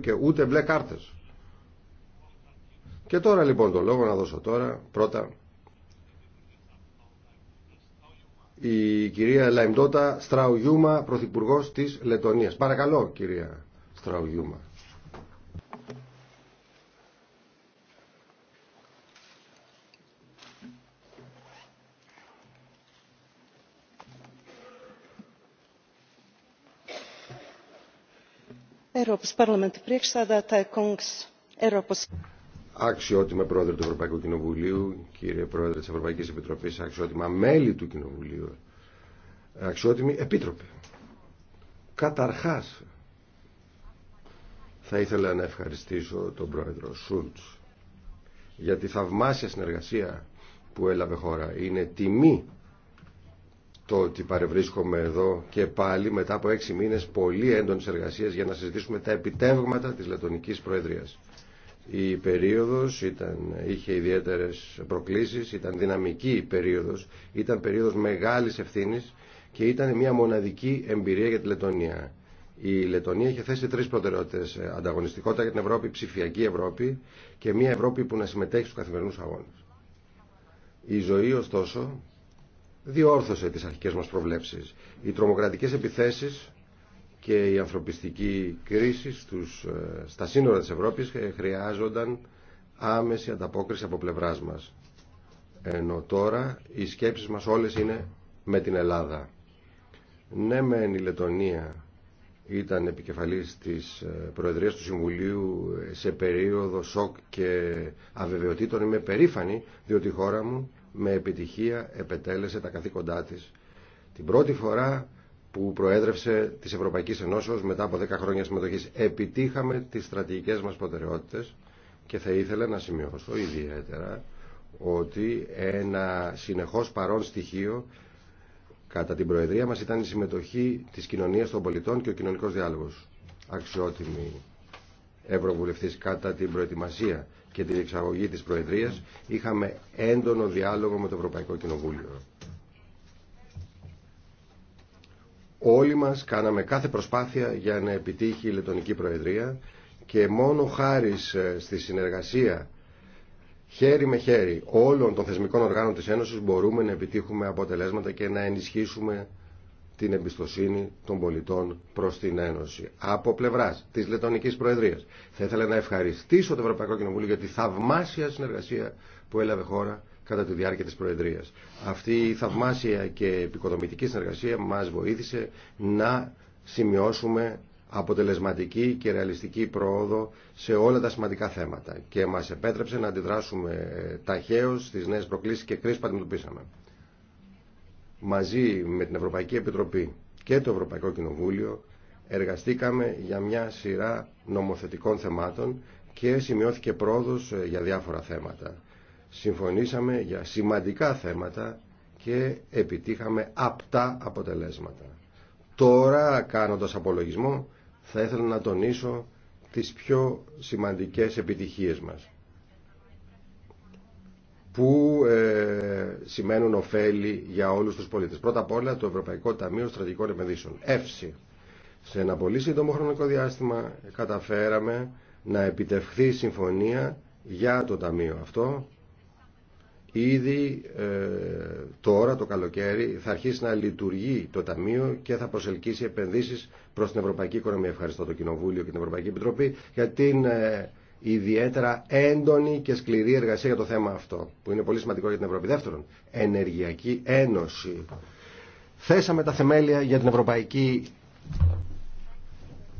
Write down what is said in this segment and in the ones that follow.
και ούτε μπλε Και τώρα λοιπόν το λόγο να δώσω τώρα πρώτα η κυρία Λαϊμτότα Στραουγιούμα, Πρωθυπουργός της Λετωνίας. Παρακαλώ κυρία Στραουγιούμα. Αξιότιμα πρόεδρε του Ευρωπαϊκού Κοινοβουλίου, κύριε πρόεδρε της Ευρωπαϊκής Επιτροπής, αξιότιμα μέλη του Κοινοβουλίου, αξιότιμη επίτροπε. Καταρχάς, θα ήθελα να ευχαριστήσω τον πρόεδρο Σούλτς για τη θαυμάσια συνεργασία που έλαβε χώρα. Είναι τιμή το ότι παρευρίσκομαι εδώ και πάλι μετά από έξι μήνες πολύ έντονης εργασίας για να συζητήσουμε τα επιτεύγματα της Λετωνικής Προεδρίας. Η περίοδος ήταν, είχε ιδιαίτερες προκλήσεις, ήταν δυναμική η περίοδος, ήταν περίοδος μεγάλης ευθύνης και ήταν μια μοναδική εμπειρία για τη Λετωνία. Η Λετωνία είχε θέσει τρει προτεραιότητες. Ε, ανταγωνιστικότητα για την Ευρώπη, ψηφιακή Ευρώπη και μια Ευρώπη που να συμμετέχει στου καθημερινού αγώνε. Η ζωή, ωστόσο, διόρθωσε τις αρχικές μας προβλέψεις. Οι τρομοκρατικές επιθέσεις και η ανθρωπιστική κρίση στους, ε, στα σύνορα της Ευρώπης ε, χρειάζονταν άμεση ανταπόκριση από πλευράς μας. Ενώ τώρα οι σκέψεις μας όλες είναι με την Ελλάδα. Ναι μεν η Λετωνία ήταν επικεφαλής της ε, Προεδρίας του Συμβουλίου σε περίοδο σοκ και αβεβαιοτήτων. Είμαι περήφανη διότι η χώρα μου με επιτυχία επετέλεσε τα καθήκοντά της την πρώτη φορά που προέδρευσε της Ευρωπαϊκής Ενώσεως μετά από 10 χρόνια συμμετοχής. Επιτύχαμε τις στρατηγικές μας προτεραιότητες και θα ήθελα να σημειώσω ιδιαίτερα ότι ένα συνεχώς παρόν στοιχείο κατά την Προεδρία μας ήταν η συμμετοχή της κοινωνίας των πολιτών και ο κοινωνικός διάλογος. Αξιότιμη Ευρωβουλευτής κατά την προετοιμασία και την εξαγωγή της Προεδρίας είχαμε έντονο διάλογο με το Ευρωπαϊκό Κοινοβούλιο. Όλοι μας κάναμε κάθε προσπάθεια για να επιτύχει η Λετωνική Προεδρία και μόνο χάρη στη συνεργασία χέρι με χέρι όλων των θεσμικών οργάνων της Ένωσης μπορούμε να επιτύχουμε αποτελέσματα και να ενισχύσουμε την εμπιστοσύνη των πολιτών προς την Ένωση. Από πλευράς της Λετωνικής Προεδρίας θα ήθελα να ευχαριστήσω το Ευρωπαϊκό Κοινοβούλιο για τη θαυμάσια συνεργασία που έλαβε χώρα κατά τη διάρκεια της Προεδρίας. Αυτή η θαυμάσια και επικοδομητική συνεργασία μας βοήθησε να σημειώσουμε αποτελεσματική και ρεαλιστική πρόοδο σε όλα τα σημαντικά θέματα και μας επέτρεψε να αντιδράσουμε ταχαίως στις νέες προκλήσεις και κρίσεις που αντιμετωπίσαμε μαζί με την Ευρωπαϊκή Επιτροπή και το Ευρωπαϊκό Κοινοβούλιο εργαστήκαμε για μια σειρά νομοθετικών θεμάτων και σημειώθηκε πρόοδος ε, για διάφορα θέματα. Συμφωνήσαμε για σημαντικά θέματα και επιτύχαμε απτά αποτελέσματα. Τώρα, κάνοντας απολογισμό, θα ήθελα να τονίσω τις πιο σημαντικές επιτυχίες μας που ε, σημαίνουν ωφέλη για όλους τους πολίτες. Πρώτα απ' όλα το Ευρωπαϊκό Ταμείο Στρατηγικών Επενδύσεων, ΕΦΣΥ. Σε ένα πολύ σύντομο χρονικό διάστημα καταφέραμε να επιτευχθεί συμφωνία για το Ταμείο αυτό. Ήδη ε, τώρα το καλοκαίρι θα αρχίσει να λειτουργεί το Ταμείο και θα προσελκύσει επενδύσεις προς την Ευρωπαϊκή Οικονομία. Ευχαριστώ το Κοινοβούλιο και την Ευρωπαϊκή Επιτροπή για την ε, ιδιαίτερα έντονη και σκληρή εργασία για το θέμα αυτό, που είναι πολύ σημαντικό για την Ευρώπη. Δεύτερον, ενεργειακή ένωση. Θέσαμε τα θεμέλια για την Ευρωπαϊκή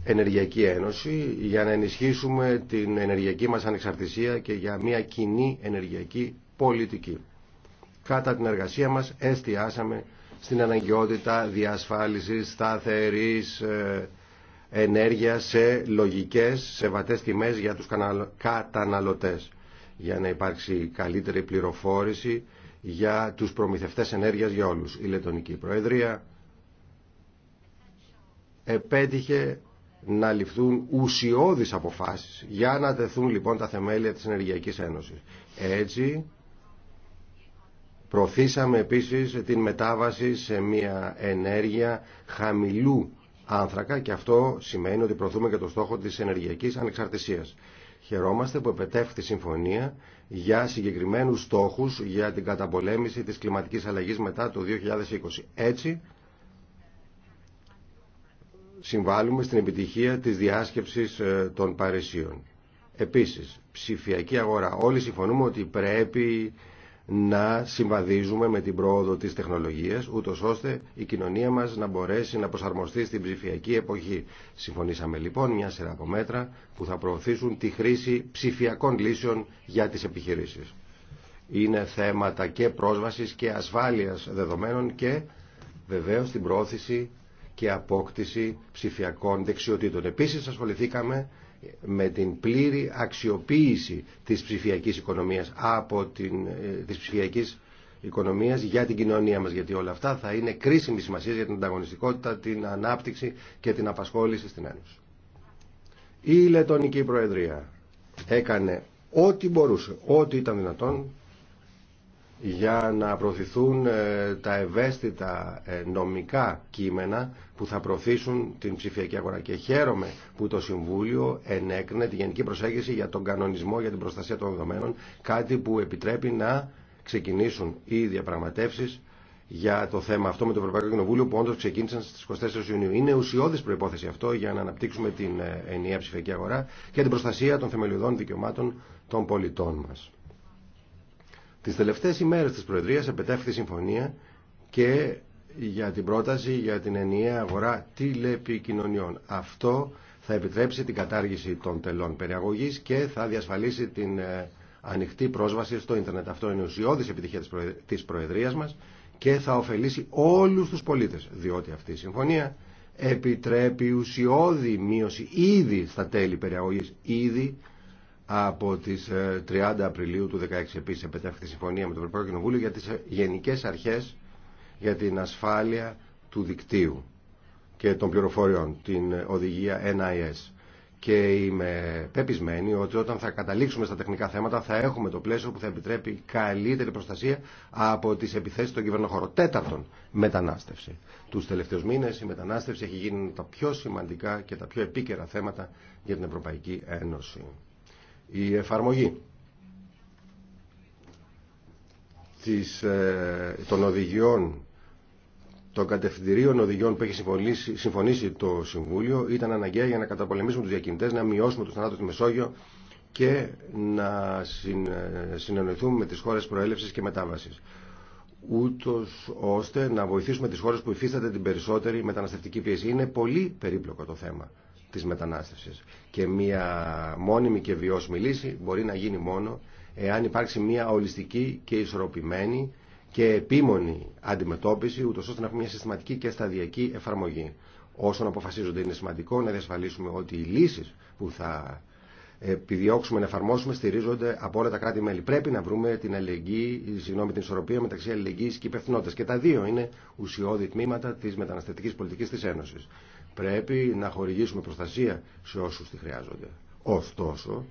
Ενεργειακή Ένωση για να ενισχύσουμε την ενεργειακή μας ανεξαρτησία και για μια κοινή ενεργειακή πολιτική. Κατά την εργασία μας εστιάσαμε στην αναγκαιότητα διασφάλισης σταθερής ε, ενέργεια σε λογικές, σε βατές τιμές για τους καταναλωτές για να υπάρξει καλύτερη πληροφόρηση για τους προμηθευτές ενέργειας για όλους. Η Λετωνική Προεδρία επέτυχε να ληφθούν ουσιώδεις αποφάσεις για να τεθούν λοιπόν τα θεμέλια της Ενεργειακής Ένωσης. Έτσι προθίσαμε επίσης την μετάβαση σε μια ενέργεια χαμηλού άνθρακα και αυτό σημαίνει ότι προωθούμε και το στόχο της ενεργειακής ανεξαρτησίας. Χαιρόμαστε που επετεύχθη συμφωνία για συγκεκριμένους στόχους για την καταπολέμηση της κλιματικής αλλαγής μετά το 2020. Έτσι, συμβάλλουμε στην επιτυχία της διάσκεψης ε, των Παρισίων. Επίσης, ψηφιακή αγορά. Όλοι συμφωνούμε ότι πρέπει να συμβαδίζουμε με την πρόοδο της τεχνολογίας, ούτω ώστε η κοινωνία μας να μπορέσει να προσαρμοστεί στην ψηφιακή εποχή. Συμφωνήσαμε λοιπόν μια σειρά από μέτρα που θα προωθήσουν τη χρήση ψηφιακών λύσεων για τις επιχειρήσεις. Είναι θέματα και πρόσβασης και ασφάλειας δεδομένων και βεβαίως την προώθηση και απόκτηση ψηφιακών δεξιοτήτων. Επίσης ασχοληθήκαμε με την πλήρη αξιοποίηση της ψηφιακής οικονομίας από την, ε, της ψηφιακής οικονομίας για την κοινωνία μας γιατί όλα αυτά θα είναι κρίσιμη σημασία για την ανταγωνιστικότητα, την ανάπτυξη και την απασχόληση στην Ένωση. Η Λετωνική Προεδρία έκανε ό,τι μπορούσε, ό,τι ήταν δυνατόν για να προωθηθούν ε, τα ευαίσθητα ε, νομικά κείμενα που θα προωθήσουν την ψηφιακή αγορά. Και χαίρομαι που το Συμβούλιο ενέκρινε τη γενική προσέγγιση για τον κανονισμό για την προστασία των δεδομένων, κάτι που επιτρέπει να ξεκινήσουν οι διαπραγματεύσεις για το θέμα αυτό με το Ευρωπαϊκό Κοινοβούλιο που όντω ξεκίνησαν στι 24 Ιουνίου. Είναι ουσιώδη προπόθεση αυτό για να αναπτύξουμε την ε, ενιαία ψηφιακή αγορά και την προστασία των θεμελιωδών δικαιωμάτων των πολιτών μα. Τις τελευταίες ημέρες της Προεδρίας επετέφθη συμφωνία και για την πρόταση για την ενιαία αγορά τηλεπικοινωνιών. Αυτό θα επιτρέψει την κατάργηση των τελών περιαγωγής και θα διασφαλίσει την ε, ανοιχτή πρόσβαση στο ίντερνετ. Αυτό είναι ουσιώδης επιτυχία της Προεδρίας μας και θα ωφελήσει όλους τους πολίτες, διότι αυτή η συμφωνία επιτρέπει ουσιώδη μείωση ήδη στα τέλη περιαγωγής, ήδη από τι 30 ε, Απριλίου του 2016 επίσης επετέφθη συμφωνία με το Ευρωπαϊκό Κοινοβούλιο για τι ε, γενικέ αρχέ για την ασφάλεια του δικτύου και των πληροφοριών, την ε, οδηγία NIS. Και είμαι πεπισμένη ότι όταν θα καταλήξουμε στα τεχνικά θέματα θα έχουμε το πλαίσιο που θα επιτρέπει καλύτερη προστασία από τι επιθέσει των κυβερνοχώρο. Τέταρτον, μετανάστευση. Του τελευταίου μήνε η μετανάστευση έχει γίνει τα πιο σημαντικά και τα πιο επίκαιρα θέματα για την Ευρωπαϊκή Ένωση η εφαρμογή της, ε, των οδηγιών των κατευθυντηρίων οδηγιών που έχει συμφωνήσει το Συμβούλιο ήταν αναγκαία για να καταπολεμήσουμε τους διακινητές, να μειώσουμε τους θανάτους του Μεσόγειο και να ε, συνεννοηθούμε με τις χώρες προέλευσης και μετάβασης ούτως ώστε να βοηθήσουμε τις χώρες που υφίσταται την περισσότερη μεταναστευτική πίεση. Είναι πολύ περίπλοκο το θέμα της μετανάστευσης. Και μια μόνιμη και βιώσιμη λύση μπορεί να γίνει μόνο εάν υπάρξει μια ολιστική και ισορροπημένη και επίμονη αντιμετώπιση, ούτως ώστε να έχουμε μια συστηματική και σταδιακή εφαρμογή. Όσον αποφασίζονται, είναι σημαντικό να διασφαλίσουμε ότι οι λύσεις που θα επιδιώξουμε να εφαρμόσουμε στηρίζονται από όλα τα κράτη-μέλη. Πρέπει να βρούμε την, αλληλεγγύη, συγγνώμη, την ισορροπία μεταξύ αλληλεγγύη και υπευθυνότητα. Και τα δύο είναι ουσιώδη τμήματα τη μεταναστευτική πολιτική τη Ένωση. Πρέπει να χορηγήσουμε προστασία σε όσους τη χρειάζονται. Ωστόσο,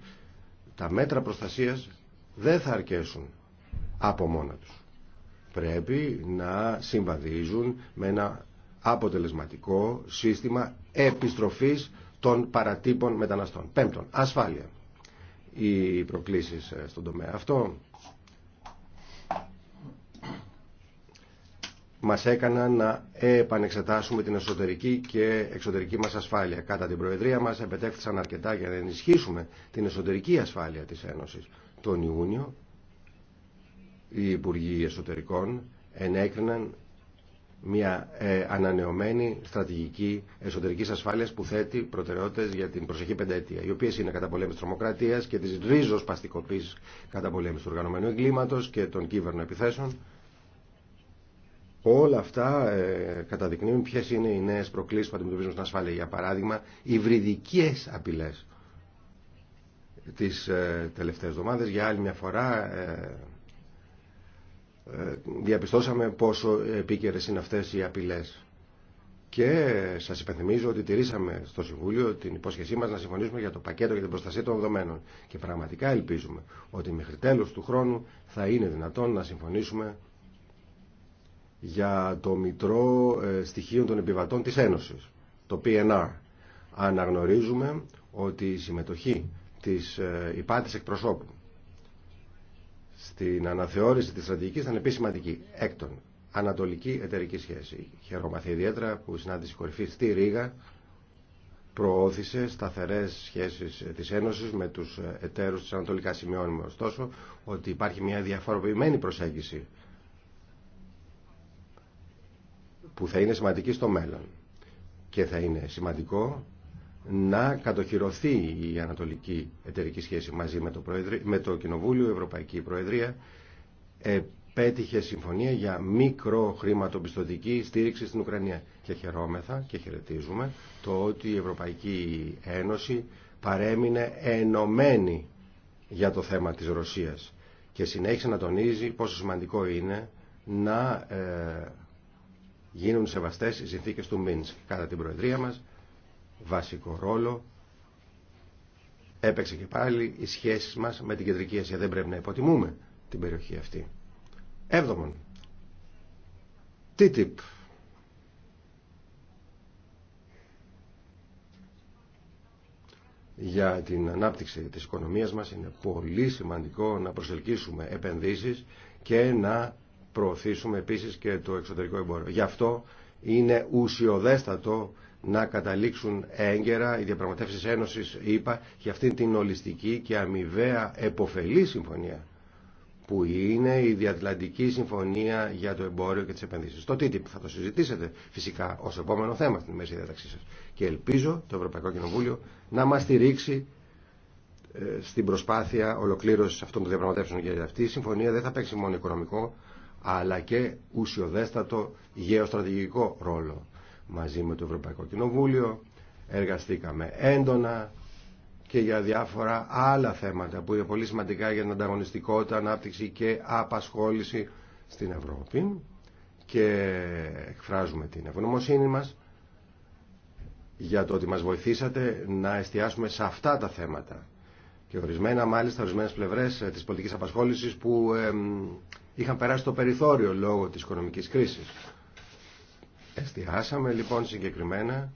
τα μέτρα προστασίας δεν θα αρκέσουν από μόνα τους. Πρέπει να συμβαδίζουν με ένα αποτελεσματικό σύστημα επιστροφής των παρατύπων μεταναστών. Πέμπτον, ασφάλεια. Οι προκλήσεις ε, στον τομέα αυτό μας έκαναν να επανεξετάσουμε την εσωτερική και εξωτερική μας ασφάλεια. Κατά την Προεδρία μας επετέχθησαν αρκετά για να ενισχύσουμε την εσωτερική ασφάλεια της Ένωσης. Τον Ιούνιο οι Υπουργοί Εσωτερικών ενέκριναν μια ε, ανανεωμένη στρατηγική εσωτερική ασφάλεια που θέτει προτεραιότητε για την προσεχή πενταετία, οι οποίε είναι κατά καταπολέμηση τρομοκρατία και τη ρίζο παστικοποίηση πολέμηση του οργανωμένου εγκλήματο και των κύβερνων επιθέσεων, Όλα αυτά ε, καταδεικνύουν ποιε είναι οι νέε προκλήσει που αντιμετωπίζουν στην ασφάλεια. Για παράδειγμα, υβριδικέ απειλέ τι ε, τελευταίε εβδομάδε. Για άλλη μια φορά ε, ε, διαπιστώσαμε πόσο επίκαιρε είναι αυτέ οι απειλέ. Και ε, σα υπενθυμίζω ότι τηρήσαμε στο Συμβούλιο την υπόσχεσή μα να συμφωνήσουμε για το πακέτο για την προστασία των δεδομένων. Και πραγματικά ελπίζουμε ότι μέχρι τέλο του χρόνου θα είναι δυνατόν να συμφωνήσουμε για το Μητρό ε, Στοιχείων των Επιβατών της Ένωσης, το PNR. Αναγνωρίζουμε ότι η συμμετοχή της ε, υπάτης εκπροσώπου στην αναθεώρηση της στρατηγικής ήταν επίσηματική. Έκτον, ανατολική εταιρική σχέση. Χαιρόμαθε ιδιαίτερα που η συνάντηση κορυφή στη Ρήγα προώθησε σταθερές σχέσεις ε, της Ένωσης με τους εταίρους της Ανατολικά Σημειώνουμε ωστόσο ότι υπάρχει μια διαφοροποιημένη προσέγγιση που θα είναι σημαντική στο μέλλον. Και θα είναι σημαντικό να κατοχυρωθεί η ανατολική εταιρική σχέση μαζί με το, με το Κοινοβούλιο, η Ευρωπαϊκή Προεδρία επέτυχε συμφωνία για μικρό χρηματοπιστωτική στήριξη στην Ουκρανία. Και χαιρόμεθα και χαιρετίζουμε το ότι η Ευρωπαϊκή Ένωση παρέμεινε ενωμένη για το θέμα της Ρωσίας και συνέχισε να τονίζει πόσο σημαντικό είναι να ε, γίνουν σεβαστές οι συνθήκε του Μίνσκ. Κατά την Προεδρία μας, βασικό ρόλο έπαιξε και πάλι οι σχέσεις μας με την Κεντρική Ασία. Δεν πρέπει να υποτιμούμε την περιοχή αυτή. Έβδομον, TTIP. για την ανάπτυξη της οικονομίας μας είναι πολύ σημαντικό να προσελκύσουμε επενδύσεις και να προωθήσουμε επίσης και το εξωτερικό εμπόριο. Γι' αυτό είναι ουσιοδέστατο να καταλήξουν έγκαιρα οι διαπραγματεύσεις Ένωσης, είπα, για αυτήν την ολιστική και αμοιβαία εποφελή συμφωνία που είναι η Διατλαντική Συμφωνία για το Εμπόριο και τις Επενδύσεις. Το TTIP θα το συζητήσετε φυσικά ως επόμενο θέμα στην μέση διαταξή σας. Και ελπίζω το Ευρωπαϊκό Κοινοβούλιο να μας στηρίξει ε, στην προσπάθεια ολοκλήρωσης αυτών των διαπραγματεύσεων γιατί αυτή η συμφωνία δεν θα παίξει μόνο οικονομικό αλλά και ουσιοδέστατο γεωστρατηγικό ρόλο. Μαζί με το Ευρωπαϊκό Κοινοβούλιο εργαστήκαμε έντονα και για διάφορα άλλα θέματα που είναι πολύ σημαντικά για την ανταγωνιστικότητα, ανάπτυξη και απασχόληση στην Ευρώπη και εκφράζουμε την ευγνωμοσύνη μας για το ότι μας βοηθήσατε να εστιάσουμε σε αυτά τα θέματα και ορισμένα μάλιστα ορισμένες πλευρές ε, της πολιτικής απασχόλησης που είχαν περάσει το περιθώριο λόγω της οικονομικής κρίσης. Εστιάσαμε λοιπόν συγκεκριμένα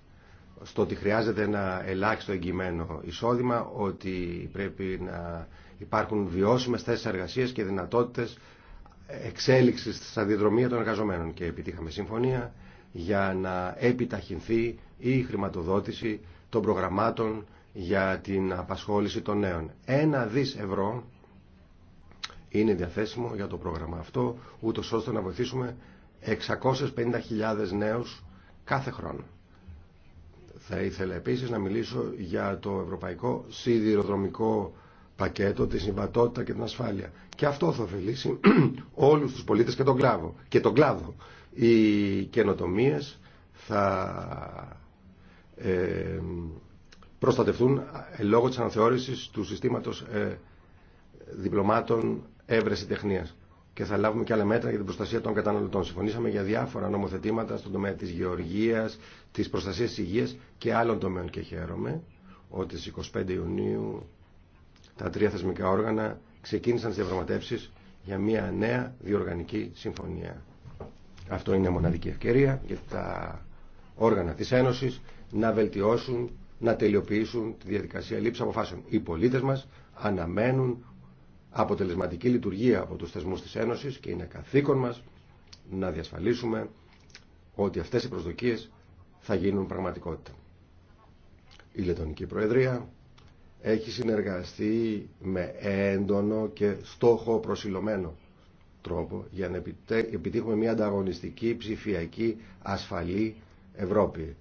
στο ότι χρειάζεται ένα ελάχιστο εγγυημένο εισόδημα, ότι πρέπει να υπάρχουν βιώσιμες θέσεις εργασίας και δυνατότητες εξέλιξης στα διαδρομία των εργαζομένων. Και επιτύχαμε συμφωνία για να επιταχυνθεί η χρηματοδότηση των προγραμμάτων για την απασχόληση των νέων. Ένα δις ευρώ είναι διαθέσιμο για το πρόγραμμα αυτό, ούτως ώστε να βοηθήσουμε 650.000 νέους κάθε χρόνο. Θα ήθελα επίσης να μιλήσω για το ευρωπαϊκό σιδηροδρομικό πακέτο, τη συμβατότητα και την ασφάλεια. Και αυτό θα ωφελήσει όλους τους πολίτες και τον κλάδο. Και τον κλάδο. Οι καινοτομίες θα ε, προστατευτούν ε, λόγω της αναθεώρησης του συστήματος ε, διπλωμάτων έβρεση τεχνίας. Και θα λάβουμε και άλλα μέτρα για την προστασία των καταναλωτών. Συμφωνήσαμε για διάφορα νομοθετήματα στον τομέα της γεωργίας, της προστασίας της υγείας και άλλων τομέων. Και χαίρομαι ότι στις 25 Ιουνίου τα τρία θεσμικά όργανα ξεκίνησαν τις διαπραγματεύσεις για μια νέα διοργανική συμφωνία. Αυτό είναι μοναδική ευκαιρία για τα όργανα της Ένωσης να βελτιώσουν να τελειοποιήσουν τη διαδικασία λήψη αποφάσεων. Οι πολίτες μας αναμένουν αποτελεσματική λειτουργία από του θεσμού της Ένωση και είναι καθήκον μας να διασφαλίσουμε ότι αυτές οι προσδοκίες θα γίνουν πραγματικότητα. Η Λετωνική Προεδρία έχει συνεργαστεί με έντονο και στόχο προσιλωμένο τρόπο για να επιτύχουμε μια ανταγωνιστική, ψηφιακή, ασφαλή Ευρώπη.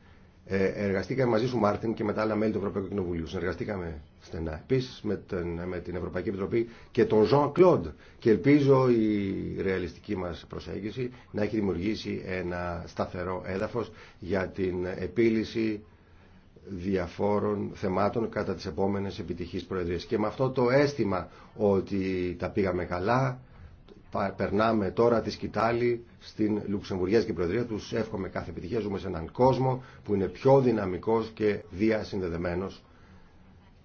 Ε, εργαστήκαμε μαζί σου, Μάρτιν, και με τα άλλα μέλη του Ευρωπαϊκού Κοινοβουλίου. Συνεργαστήκαμε στενά. Επίση με, με, την Ευρωπαϊκή Επιτροπή και τον Ζων Κλοντ. Και ελπίζω η ρεαλιστική μα προσέγγιση να έχει δημιουργήσει ένα σταθερό έδαφο για την επίλυση διαφόρων θεμάτων κατά τις επόμενες επιτυχείς προεδρίες. Και με αυτό το αίσθημα ότι τα πήγαμε καλά, περνάμε τώρα τη σκητάλη στην και Προεδρία. του. εύχομαι κάθε επιτυχία. Ζούμε σε έναν κόσμο που είναι πιο δυναμικός και διασυνδεδεμένος.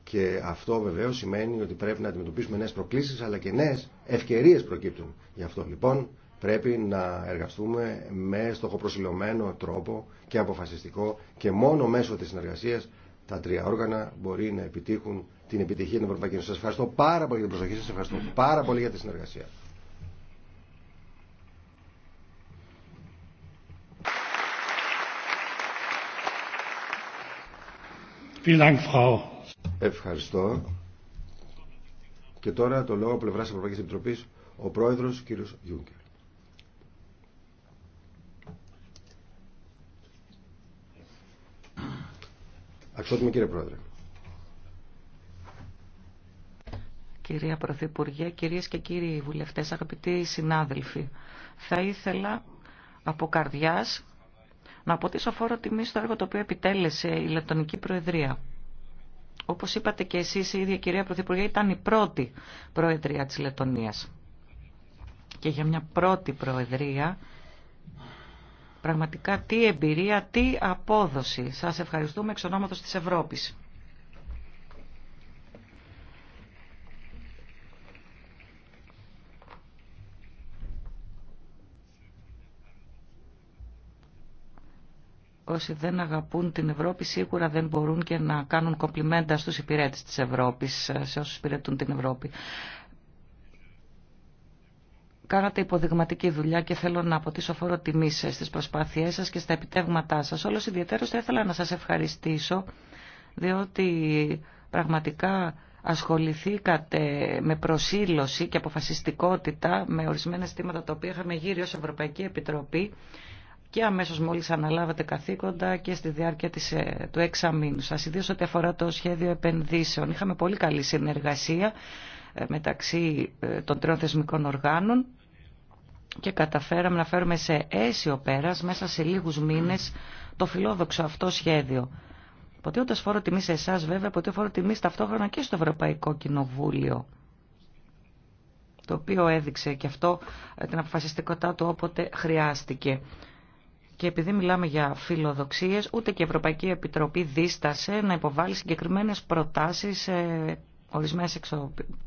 Και αυτό βεβαίω σημαίνει ότι πρέπει να αντιμετωπίσουμε νέες προκλήσεις αλλά και νέες ευκαιρίες προκύπτουν. Γι' αυτό λοιπόν πρέπει να εργαστούμε με στοχοπροσιλωμένο τρόπο και αποφασιστικό και μόνο μέσω της συνεργασίας τα τρία όργανα μπορεί να επιτύχουν την επιτυχία των Ευρωπαϊκή Σα ευχαριστώ πάρα πολύ για την προσοχή σα. Ευχαριστώ πάρα πολύ για τη συνεργασία. Ευχαριστώ. Και τώρα το λόγο πλευρά τη Ευρωπαϊκή Επιτροπή, ο πρόεδρο κ. Γιούγκερ. Αξιότιμο κύριε Πρόεδρε. Κυρία Πρωθυπουργέ, κυρίες και κύριοι βουλευτές, αγαπητοί συνάδελφοι, θα ήθελα από καρδιάς να αποτίσω φόρο τιμή στο έργο το οποίο επιτέλεσε η Λεπτονική Προεδρία. Όπως είπατε και εσείς η ίδια κυρία Πρωθυπουργέ ήταν η πρώτη Προεδρία της Λετωνίας. Και για μια πρώτη Προεδρία πραγματικά τι εμπειρία, τι απόδοση. Σας ευχαριστούμε εξ ονόματος της Ευρώπης. όσοι δεν αγαπούν την Ευρώπη σίγουρα δεν μπορούν και να κάνουν κομπλιμέντα στους υπηρέτες της Ευρώπης, ε, σε όσους υπηρετούν την Ευρώπη. Κάνατε υποδειγματική δουλειά και θέλω να αποτίσω φόρο τιμή στις προσπάθειές σας και στα επιτεύγματά σας. Όλο ιδιαιτέρως θα ήθελα να σας ευχαριστήσω, διότι πραγματικά ασχοληθήκατε με προσήλωση και αποφασιστικότητα με ορισμένα στήματα τα οποία είχαμε γύρει ως Ευρωπαϊκή Επιτροπή και αμέσως μόλις αναλάβατε καθήκοντα και στη διάρκεια της, ε, του εξαμήνου σας, ιδίως ό,τι αφορά το σχέδιο επενδύσεων. Είχαμε πολύ καλή συνεργασία ε, μεταξύ ε, των τριών θεσμικών οργάνων και καταφέραμε να φέρουμε σε αίσιο πέρας μέσα σε λίγους μήνες το φιλόδοξο αυτό σχέδιο. Ποτέ φόρο τιμή σε εσά, βέβαια, ποτέ φόρο τιμή ταυτόχρονα και στο Ευρωπαϊκό Κοινοβούλιο. Το οποίο έδειξε και αυτό την αποφασιστικότητά του όποτε χρειάστηκε. Και επειδή μιλάμε για φιλοδοξίες, ούτε και η Ευρωπαϊκή Επιτροπή δίστασε να υποβάλει συγκεκριμένες προτάσεις ορισμένες εξ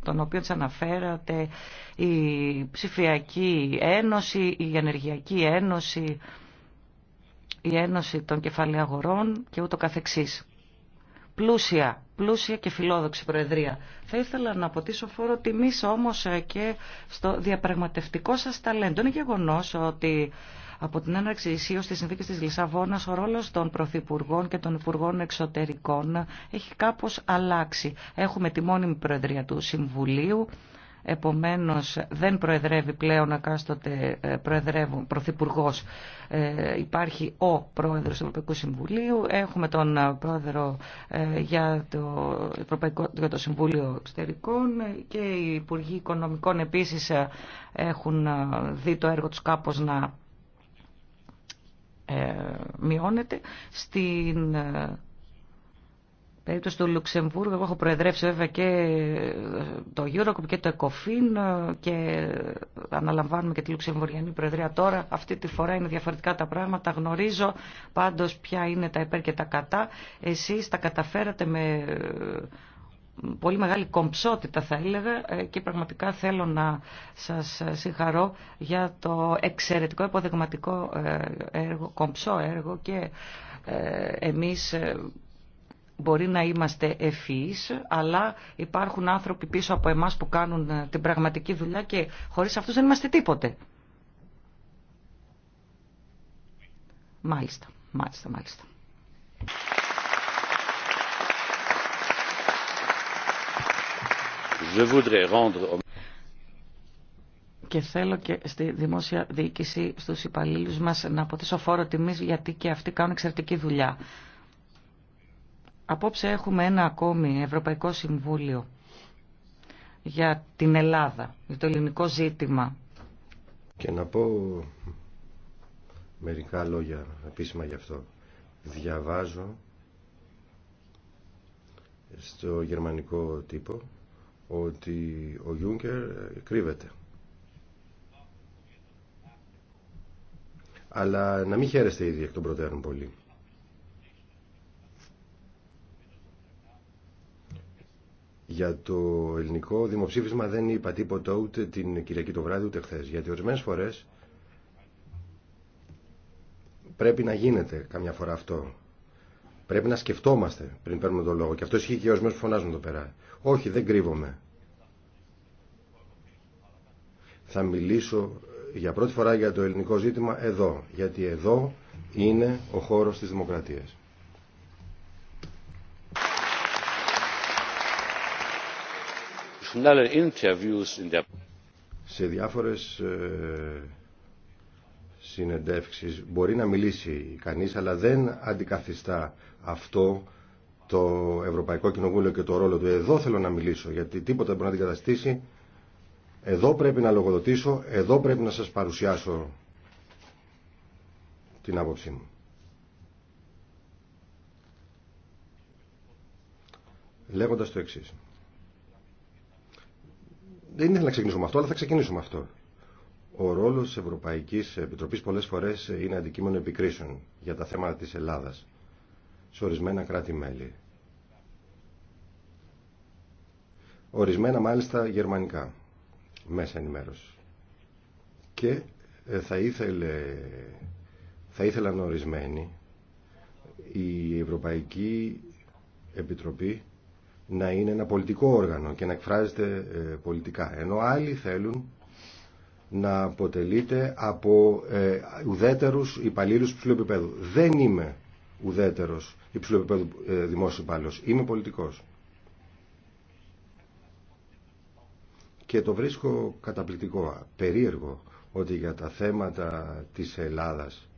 των οποίων τι αναφέρατε, η ψηφιακή ένωση, η ενεργειακή ένωση, η ένωση των κεφαλαίων αγορών και ούτω καθεξής. Πλούσια, πλούσια και φιλόδοξη Προεδρία. Θα ήθελα να αποτίσω φόρο τιμής όμως ε, και στο διαπραγματευτικό σας ταλέντο. Είναι γεγονός ότι από την έναρξη ισίω τη συνθήκη τη Λισαβόνα, ο ρόλο των Πρωθυπουργών και των Υπουργών Εξωτερικών έχει κάπω αλλάξει. Έχουμε τη μόνιμη Προεδρία του Συμβουλίου. Επομένω δεν προεδρεύει πλέον ακάστοτε ε, προεδρεύουν πρωθυπουργός. Ε, υπάρχει ο πρόεδρο του Ευρωπαϊκού Συμβουλίου, έχουμε τον ε, πρόεδρο ε, για, το για το Συμβούλιο Εξωτερικών και οι Υπουργοί Οικονομικών επίση έχουν δει το έργο του κάπω να ε, μειώνεται. Στην ε, περίπτωση του Λουξεμβούργου, εγώ έχω προεδρεύσει βέβαια και ε, το Eurogroup και το ECOFIN και αναλαμβάνουμε και τη Λουξεμβουριανή Προεδρία τώρα. Αυτή τη φορά είναι διαφορετικά τα πράγματα. Γνωρίζω πάντως ποια είναι τα υπέρ και τα κατά. Εσείς τα καταφέρατε με πολύ μεγάλη κομψότητα θα έλεγα ε, και πραγματικά θέλω να σας ε, συγχαρώ για το εξαιρετικό υποδεγματικό ε, έργο, κομψό έργο και εμείς μπορεί να είμαστε ευφυείς, αλλά υπάρχουν άνθρωποι πίσω από εμάς που κάνουν την πραγματική δουλειά και χωρίς αυτούς δεν είμαστε τίποτε. Μάλιστα, μάλιστα, μάλιστα. Και θέλω και στη δημόσια διοίκηση, στους υπαλλήλους μας, να αποτίσω φόρο τιμής, γιατί και αυτοί κάνουν εξαιρετική δουλειά. Απόψε έχουμε ένα ακόμη Ευρωπαϊκό Συμβούλιο για την Ελλάδα, για το ελληνικό ζήτημα. Και να πω μερικά λόγια επίσημα γι' αυτό. Διαβάζω στο γερμανικό τύπο ότι ο Γιούγκερ ε, κρύβεται. Αλλά να μην χαίρεστε ήδη εκ των προτέρων πολύ. Για το ελληνικό δημοψήφισμα δεν είπα τίποτα ούτε την Κυριακή το βράδυ ούτε χθε. Γιατί ορισμένε φορέ πρέπει να γίνεται καμιά φορά αυτό. Πρέπει να σκεφτόμαστε πριν παίρνουμε τον λόγο. Και αυτό ισχύει και ορισμένου που φωνάζουν εδώ πέρα. Όχι, δεν κρύβομαι. Θα μιλήσω για πρώτη φορά για το ελληνικό ζήτημα εδώ, γιατί εδώ είναι ο χώρος της δημοκρατίας. Σε διάφορες ε, συνεντεύξεις μπορεί να μιλήσει κανείς, αλλά δεν αντικαθιστά αυτό το Ευρωπαϊκό Κοινοβούλιο και το ρόλο του. Εδώ θέλω να μιλήσω, γιατί τίποτα δεν μπορεί να αντικαταστήσει. Εδώ πρέπει να λογοδοτήσω, εδώ πρέπει να σας παρουσιάσω την άποψή μου. Λέγοντας το εξής. Δεν ήθελα να ξεκινήσω με αυτό, αλλά θα ξεκινήσω με αυτό. Ο ρόλος της Ευρωπαϊκής Επιτροπής πολλές φορές είναι αντικείμενο επικρίσεων για τα θέματα της Ελλάδας σε ορισμένα κράτη-μέλη. Ορισμένα μάλιστα γερμανικά μέσα ενημέρωση. Και ε, θα, ήθελε, θα ήθελαν ορισμένοι η Ευρωπαϊκή Επιτροπή να είναι ένα πολιτικό όργανο και να εκφράζεται ε, πολιτικά. Ενώ άλλοι θέλουν να αποτελείται από ε, ουδέτερους υπαλλήλους ψηλού επίπεδου. Δεν είμαι ουδέτερος υψηλού επίπεδου ε, δημόσιο υπάλληλο. Είμαι πολιτικός. Και το βρίσκω καταπληκτικό, περίεργο, ότι για τα θέματα της Ελλάδας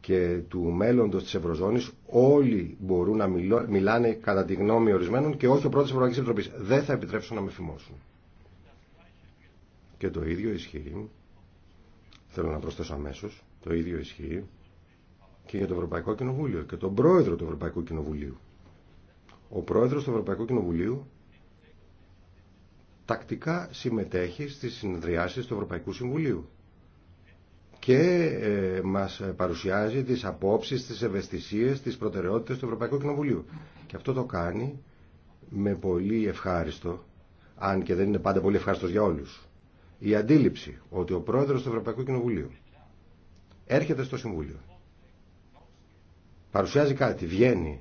και του μέλλοντος της Ευρωζώνης όλοι μπορούν να μιλάνε κατά τη γνώμη ορισμένων και όχι ο πρώτος Ευρωπαϊκής Επιτροπής. Δεν θα επιτρέψουν να με φημώσουν. Και το ίδιο ισχύει, θέλω να προσθέσω αμέσως, το ίδιο ισχύει και για το Ευρωπαϊκό Κοινοβούλιο και τον πρόεδρο του Ευρωπαϊκού Κοινοβουλίου. Ο πρόεδρος του Ευρωπαϊκού Κοινοβουλίου τακτικά συμμετέχει στις συνεδριάσεις του Ευρωπαϊκού Συμβουλίου και ε, μας παρουσιάζει τις απόψεις, τις ευαισθησίες, τις προτεραιότητες του Ευρωπαϊκού Κοινοβουλίου. Και αυτό το κάνει με πολύ ευχάριστο, αν και δεν είναι πάντα πολύ ευχάριστος για όλους, η αντίληψη ότι ο πρόεδρο του Ευρωπαϊκού Κοινοβουλίου έρχεται στο Συμβούλιο παρουσιάζει κάτι, βγαίνει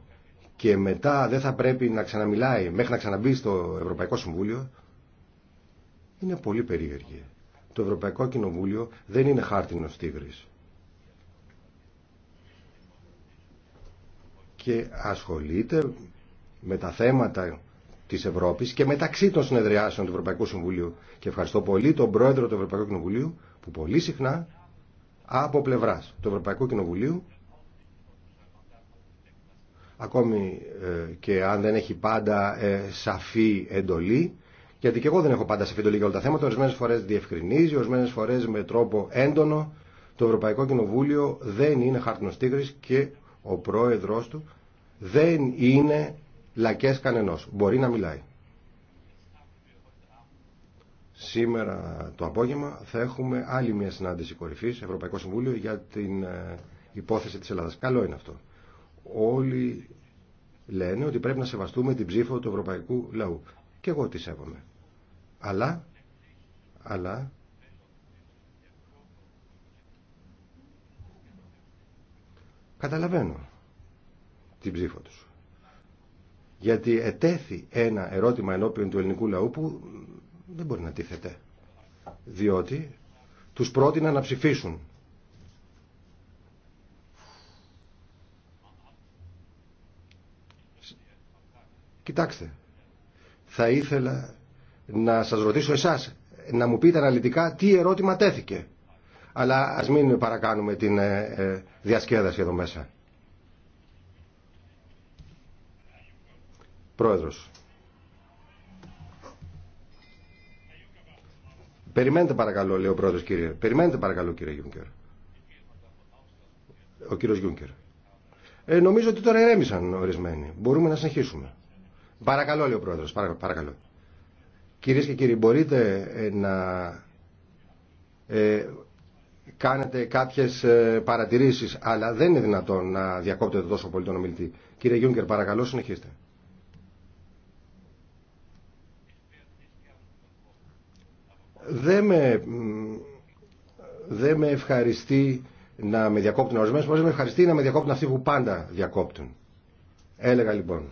και μετά δεν θα πρέπει να ξαναμιλάει μέχρι να ξαναμπεί στο Ευρωπαϊκό Συμβούλιο, είναι πολύ περίεργη. Το Ευρωπαϊκό Κοινοβούλιο δεν είναι χάρτινος τίγρης. Και ασχολείται με τα θέματα της Ευρώπης και μεταξύ των συνεδριάσεων του Ευρωπαϊκού Συμβουλίου. Και ευχαριστώ πολύ τον πρόεδρο του Ευρωπαϊκού Κοινοβουλίου που πολύ συχνά από πλευράς του Ευρωπαϊκού Κοινοβουλίου ακόμη ε, και αν δεν έχει πάντα ε, σαφή εντολή, γιατί και εγώ δεν έχω πάντα σαφή εντολή για όλα τα θέματα, ορισμένε φορέ διευκρινίζει, ορισμένε φορέ με τρόπο έντονο. Το Ευρωπαϊκό Κοινοβούλιο δεν είναι χάρτινο τίγρη και ο πρόεδρό του δεν είναι λακέ κανενό. Μπορεί να μιλάει. Σήμερα το απόγευμα θα έχουμε άλλη μια συνάντηση κορυφής, Ευρωπαϊκό Συμβούλιο, για την ε, υπόθεση της Ελλάδας. Καλό είναι αυτό όλοι λένε ότι πρέπει να σεβαστούμε την ψήφο του ευρωπαϊκού λαού. Και εγώ τη σέβομαι. Αλλά, αλλά, καταλαβαίνω την ψήφο τους. Γιατί ετέθη ένα ερώτημα ενώπιον του ελληνικού λαού που δεν μπορεί να τίθεται. Διότι τους πρότεινα να ψηφίσουν Κοιτάξτε, θα ήθελα να σας ρωτήσω εσάς, να μου πείτε αναλυτικά τι ερώτημα τέθηκε. Αλλά ας μην παρακάνουμε την ε, ε, διασκέδαση εδώ μέσα. Πρόεδρος. Περιμένετε παρακαλώ, λέει ο πρόεδρος κύριε. Περιμένετε παρακαλώ κύριε Γιούνκερ. Ο κύριος Γιούνκερ. Ε, νομίζω ότι τώρα ηρέμησαν ορισμένοι. Μπορούμε να συνεχίσουμε. Παρακαλώ, λέει ο πρόεδρος, παρακαλώ. Κυρίες και κύριοι, μπορείτε ε, να ε, κάνετε κάποιες ε, παρατηρήσεις, αλλά δεν είναι δυνατόν να διακόπτετε τόσο πολύ τον ομιλητή. Κύριε Γιούνκερ, παρακαλώ, συνεχίστε. Δεν με, δεν με ευχαριστεί να με διακόπτουν ορισμένες φορές, με ευχαριστεί να με διακόπτουν αυτοί που πάντα διακόπτουν. Έλεγα λοιπόν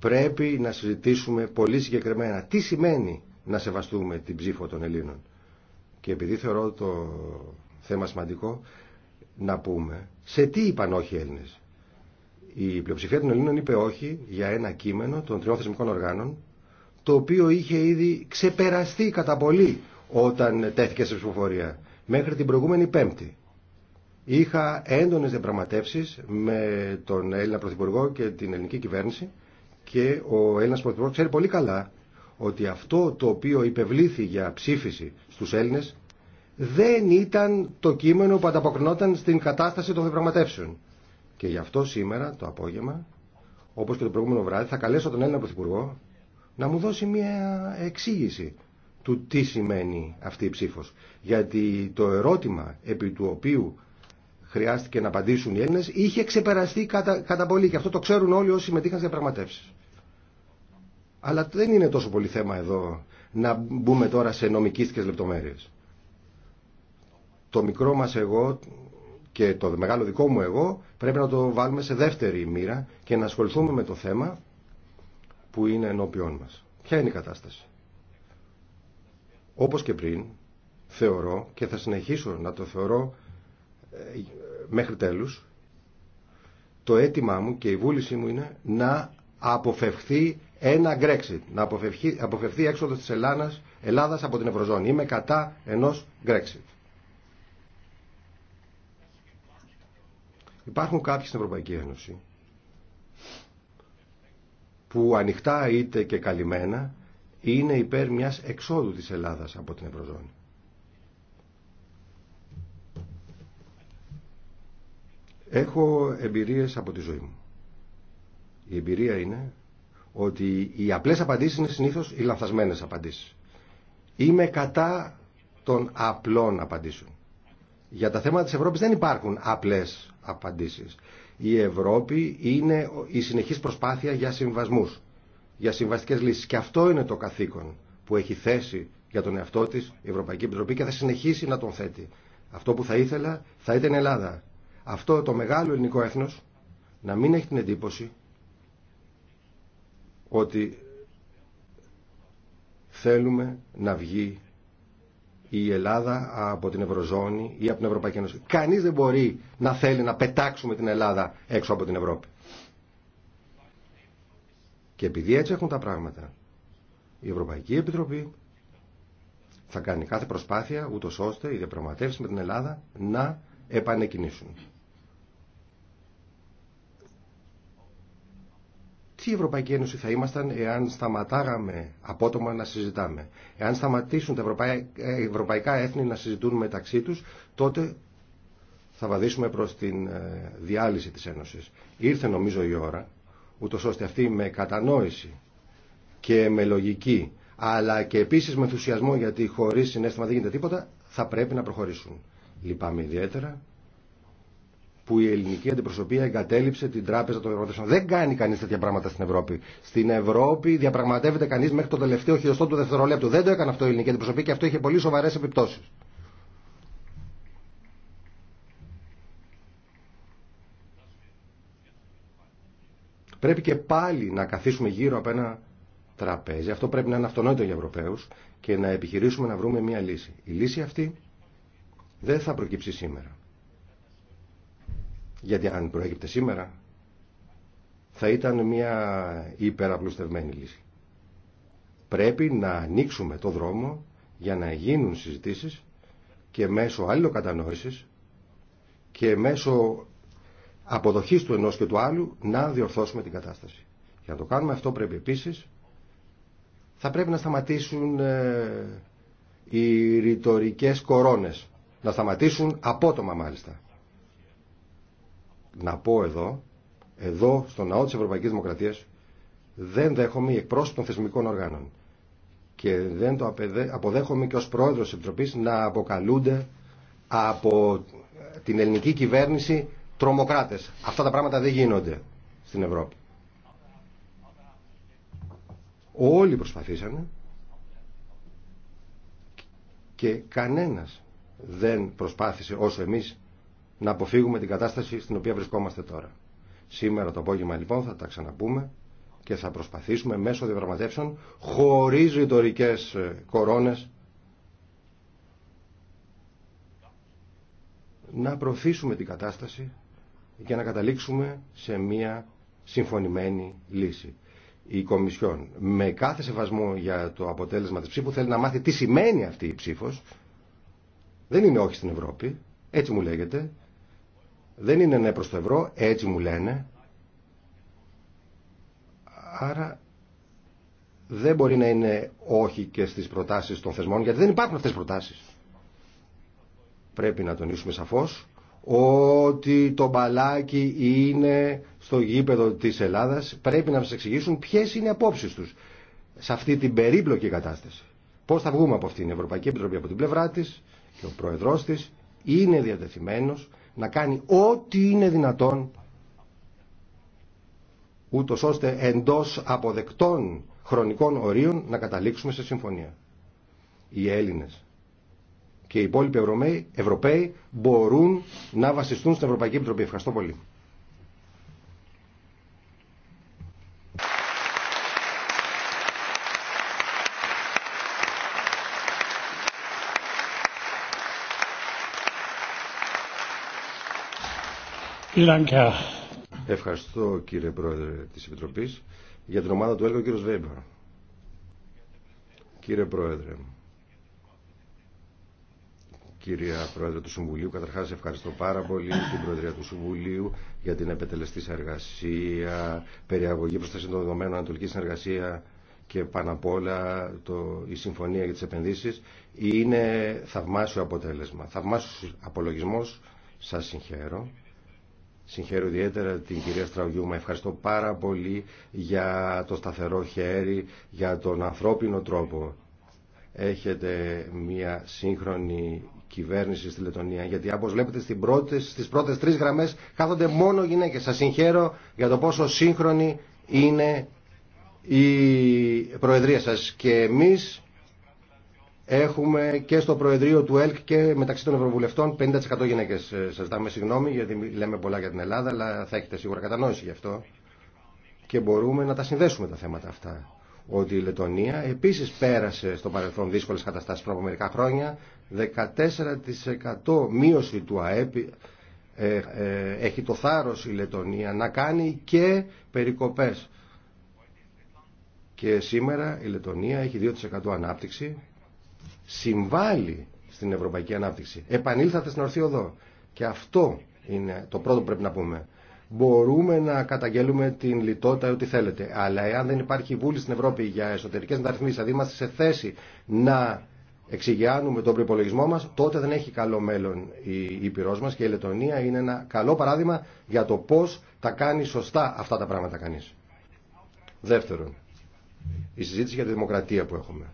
πρέπει να συζητήσουμε πολύ συγκεκριμένα τι σημαίνει να σεβαστούμε την ψήφο των Ελλήνων. Και επειδή θεωρώ το θέμα σημαντικό, να πούμε σε τι είπαν όχι οι Έλληνες. Η πλειοψηφία των Ελλήνων είπε όχι για ένα κείμενο των τριών θεσμικών οργάνων, το οποίο είχε ήδη ξεπεραστεί κατά πολύ όταν τέθηκε σε ψηφοφορία. Μέχρι την προηγούμενη Πέμπτη είχα έντονες διαπραγματεύσει με τον Έλληνα Πρωθυπουργό και την ελληνική κυβέρνηση και ο Έλληνας Πρωθυπουργός ξέρει πολύ καλά ότι αυτό το οποίο υπευλήθη για ψήφιση στους Έλληνες δεν ήταν το κείμενο που ανταποκρινόταν στην κατάσταση των διαπραγματεύσεων. Και γι' αυτό σήμερα το απόγευμα, όπως και το προηγούμενο βράδυ, θα καλέσω τον Έλληνα Πρωθυπουργό να μου δώσει μια εξήγηση του τι σημαίνει αυτή η ψήφος. Γιατί το ερώτημα επί του οποίου χρειάστηκε να απαντήσουν οι Έλληνες είχε ξεπεραστεί κατά, πολύ και αυτό το ξέρουν όλοι όσοι συμμετείχαν σε διαπραγματεύσεις. Αλλά δεν είναι τόσο πολύ θέμα εδώ να μπούμε τώρα σε νομικίστικες λεπτομέρειες. Το μικρό μας εγώ και το μεγάλο δικό μου εγώ πρέπει να το βάλουμε σε δεύτερη μοίρα και να ασχοληθούμε με το θέμα που είναι ενώπιόν μας. Ποια είναι η κατάσταση. Όπως και πριν θεωρώ και θα συνεχίσω να το θεωρώ ε, μέχρι τέλους το αίτημά μου και η βούλησή μου είναι να αποφευχθεί ένα Brexit, να αποφευχεί, αποφευθεί έξοδο της Ελλάδα από την Ευρωζώνη. Είμαι κατά ενός Brexit. Υπάρχουν κάποιοι στην Ευρωπαϊκή Ένωση που ανοιχτά είτε και καλυμμένα είναι υπέρ μιας εξόδου της Ελλάδας από την Ευρωζώνη. Έχω εμπειρίες από τη ζωή μου. Η εμπειρία είναι ότι οι απλές απαντήσεις είναι συνήθως οι λανθασμένες απαντήσεις. Είμαι κατά των απλών απαντήσεων. Για τα θέματα της Ευρώπης δεν υπάρχουν απλές απαντήσεις. Η Ευρώπη είναι η συνεχής προσπάθεια για συμβασμούς, για συμβαστικές λύσεις. Και αυτό είναι το καθήκον που έχει θέσει για τον εαυτό της η Ευρωπαϊκή Επιτροπή και θα συνεχίσει να τον θέτει. Αυτό που θα ήθελα θα ήταν Ελλάδα. Αυτό το μεγάλο ελληνικό έθνος να μην έχει την εντύπωση ότι θέλουμε να βγει η Ελλάδα από την Ευρωζώνη ή από την Ευρωπαϊκή Ένωση. Κανείς δεν μπορεί να θέλει να πετάξουμε την Ελλάδα έξω από την Ευρώπη. Και επειδή έτσι έχουν τα πράγματα, η Ευρωπαϊκή Επιτροπή θα κάνει κάθε προσπάθεια ούτως ώστε οι διαπραγματεύσεις με την Ελλάδα να επανεκκινήσουν. η Ευρωπαϊκή Ένωση θα ήμασταν εάν σταματάγαμε απότομα να συζητάμε. Εάν σταματήσουν τα ευρωπαϊκά ε, έθνη να συζητούν μεταξύ τους, τότε θα βαδίσουμε προς την ε, διάλυση της Ένωσης. Ήρθε νομίζω η ώρα, ούτως ώστε αυτή με κατανόηση και με λογική, αλλά και επίσης με ενθουσιασμό γιατί χωρίς συνέστημα δεν γίνεται τίποτα, θα πρέπει να προχωρήσουν. Λυπάμαι ιδιαίτερα που η ελληνική αντιπροσωπεία εγκατέλειψε την Τράπεζα των Ευρωπαϊκών. Δεν κάνει κανεί τέτοια πράγματα στην Ευρώπη. Στην Ευρώπη διαπραγματεύεται κανεί μέχρι το τελευταίο χειριστό του δευτερολέπτου. Δεν το έκανε αυτό η ελληνική αντιπροσωπεία και αυτό είχε πολύ σοβαρέ επιπτώσει. Πρέπει και πάλι να καθίσουμε γύρω από ένα τραπέζι. Αυτό πρέπει να είναι αυτονόητο για Ευρωπαίους και να επιχειρήσουμε να βρούμε μια λύση. Η λύση αυτή δεν θα προκύψει σήμερα. Γιατί αν προέκυπτε σήμερα θα ήταν μια υπεραπλουστευμένη λύση. Πρέπει να ανοίξουμε το δρόμο για να γίνουν συζητήσεις και μέσω αλληλοκατανόησης και μέσω αποδοχής του ενός και του άλλου να διορθώσουμε την κατάσταση. Για να το κάνουμε αυτό πρέπει επίσης θα πρέπει να σταματήσουν ε, οι ρητορικέ κορώνες. Να σταματήσουν απότομα μάλιστα να πω εδώ, εδώ στο ναό της Ευρωπαϊκής Δημοκρατίας, δεν δέχομαι οι των θεσμικών οργάνων και δεν το αποδέχομαι και ως πρόεδρος της Επιτροπής να αποκαλούνται από την ελληνική κυβέρνηση τρομοκράτες. Αυτά τα πράγματα δεν γίνονται στην Ευρώπη. Όλοι προσπαθήσανε και κανένας δεν προσπάθησε όσο εμείς να αποφύγουμε την κατάσταση στην οποία βρισκόμαστε τώρα. Σήμερα το απόγευμα λοιπόν θα τα ξαναπούμε και θα προσπαθήσουμε μέσω διαπραγματεύσεων χωρίς ρητορικέ ε, κορώνες να προωθήσουμε την κατάσταση και να καταλήξουμε σε μια συμφωνημένη λύση. Η Κομισιόν με κάθε σεβασμό για το αποτέλεσμα της ψήφου θέλει να μάθει τι σημαίνει αυτή η ψήφος. Δεν είναι όχι στην Ευρώπη, έτσι μου λέγεται, δεν είναι ναι προς το ευρώ, έτσι μου λένε. Άρα δεν μπορεί να είναι όχι και στις προτάσεις των θεσμών, γιατί δεν υπάρχουν αυτές τις προτάσεις. Πρέπει να τονίσουμε σαφώς ότι το μπαλάκι είναι στο γήπεδο της Ελλάδας. Πρέπει να μας εξηγήσουν ποιες είναι οι απόψεις τους σε αυτή την περίπλοκη κατάσταση. Πώς θα βγούμε από αυτήν. την Ευρωπαϊκή Επιτροπή από την πλευρά της και ο Πρόεδρός της είναι διατεθειμένος να κάνει ό,τι είναι δυνατόν ούτω ώστε εντός αποδεκτών χρονικών ορίων να καταλήξουμε σε συμφωνία. Οι Έλληνες και οι υπόλοιποι Ευρωπαίοι μπορούν να βασιστούν στην Ευρωπαϊκή Επιτροπή. Ευχαριστώ πολύ. Ευχαριστώ κύριε Πρόεδρε της Επιτροπής για την ομάδα του έργου κύριος Βέμπα. Κύριε Πρόεδρε, κυρία Πρόεδρε του Συμβουλίου, καταρχάς ευχαριστώ πάρα πολύ την Προεδρία του Συμβουλίου για την επετελεστή συνεργασία, περιαγωγή προστασία των δεδομένων, ανατολική συνεργασία και πάνω απ' όλα το, η συμφωνία για τις επενδύσεις είναι θαυμάσιο αποτέλεσμα. Θαυμάσιος απολογισμός, σας συγχαίρω. Συγχαίρω ιδιαίτερα την κυρία Με Ευχαριστώ πάρα πολύ για το σταθερό χέρι, για τον ανθρώπινο τρόπο. Έχετε μια σύγχρονη κυβέρνηση στη Λετωνία, γιατί όπως βλέπετε στις πρώτες, στις πρώτες τρεις γραμμές κάθονται μόνο γυναίκες. Σας συγχαίρω για το πόσο σύγχρονη είναι η Προεδρία σας και εμείς Έχουμε και στο Προεδρείο του ΕΛΚ και μεταξύ των Ευρωβουλευτών 50% γυναίκε. Σα δάμε συγγνώμη γιατί λέμε πολλά για την Ελλάδα, αλλά θα έχετε σίγουρα κατανόηση γι' αυτό. Και μπορούμε να τα συνδέσουμε τα θέματα αυτά. Ότι η Λετωνία επίση πέρασε στο παρελθόν δύσκολε καταστάσει πριν από μερικά χρόνια. 14% μείωση του ΑΕΠ ε, ε, έχει το θάρρο η Λετωνία να κάνει και περικοπέ. Και σήμερα η Λετωνία έχει 2% ανάπτυξη συμβάλλει στην ευρωπαϊκή ανάπτυξη. Επανήλθατε στην ορθή οδό. Και αυτό είναι το πρώτο που πρέπει να πούμε. Μπορούμε να καταγγέλουμε την λιτότητα ή ό,τι θέλετε. Αλλά εάν δεν υπάρχει βούλη στην Ευρώπη για εσωτερικέ μεταρρυθμίσει, δηλαδή είμαστε σε θέση να εξηγιάνουμε τον προπολογισμό μα, τότε δεν έχει καλό μέλλον οτι θελετε αλλα εαν δεν υπαρχει βουλη στην ευρωπη για εσωτερικε μεταρρυθμισει δηλαδη ειμαστε σε θεση να εξηγειάνουμε τον προπολογισμο μα τοτε δεν εχει καλο μελλον η ηπειρο μα και η Λετωνία είναι ένα καλό παράδειγμα για το πώ τα κάνει σωστά αυτά τα πράγματα κανεί. Δεύτερον, η συζήτηση για τη δημοκρατία που έχουμε.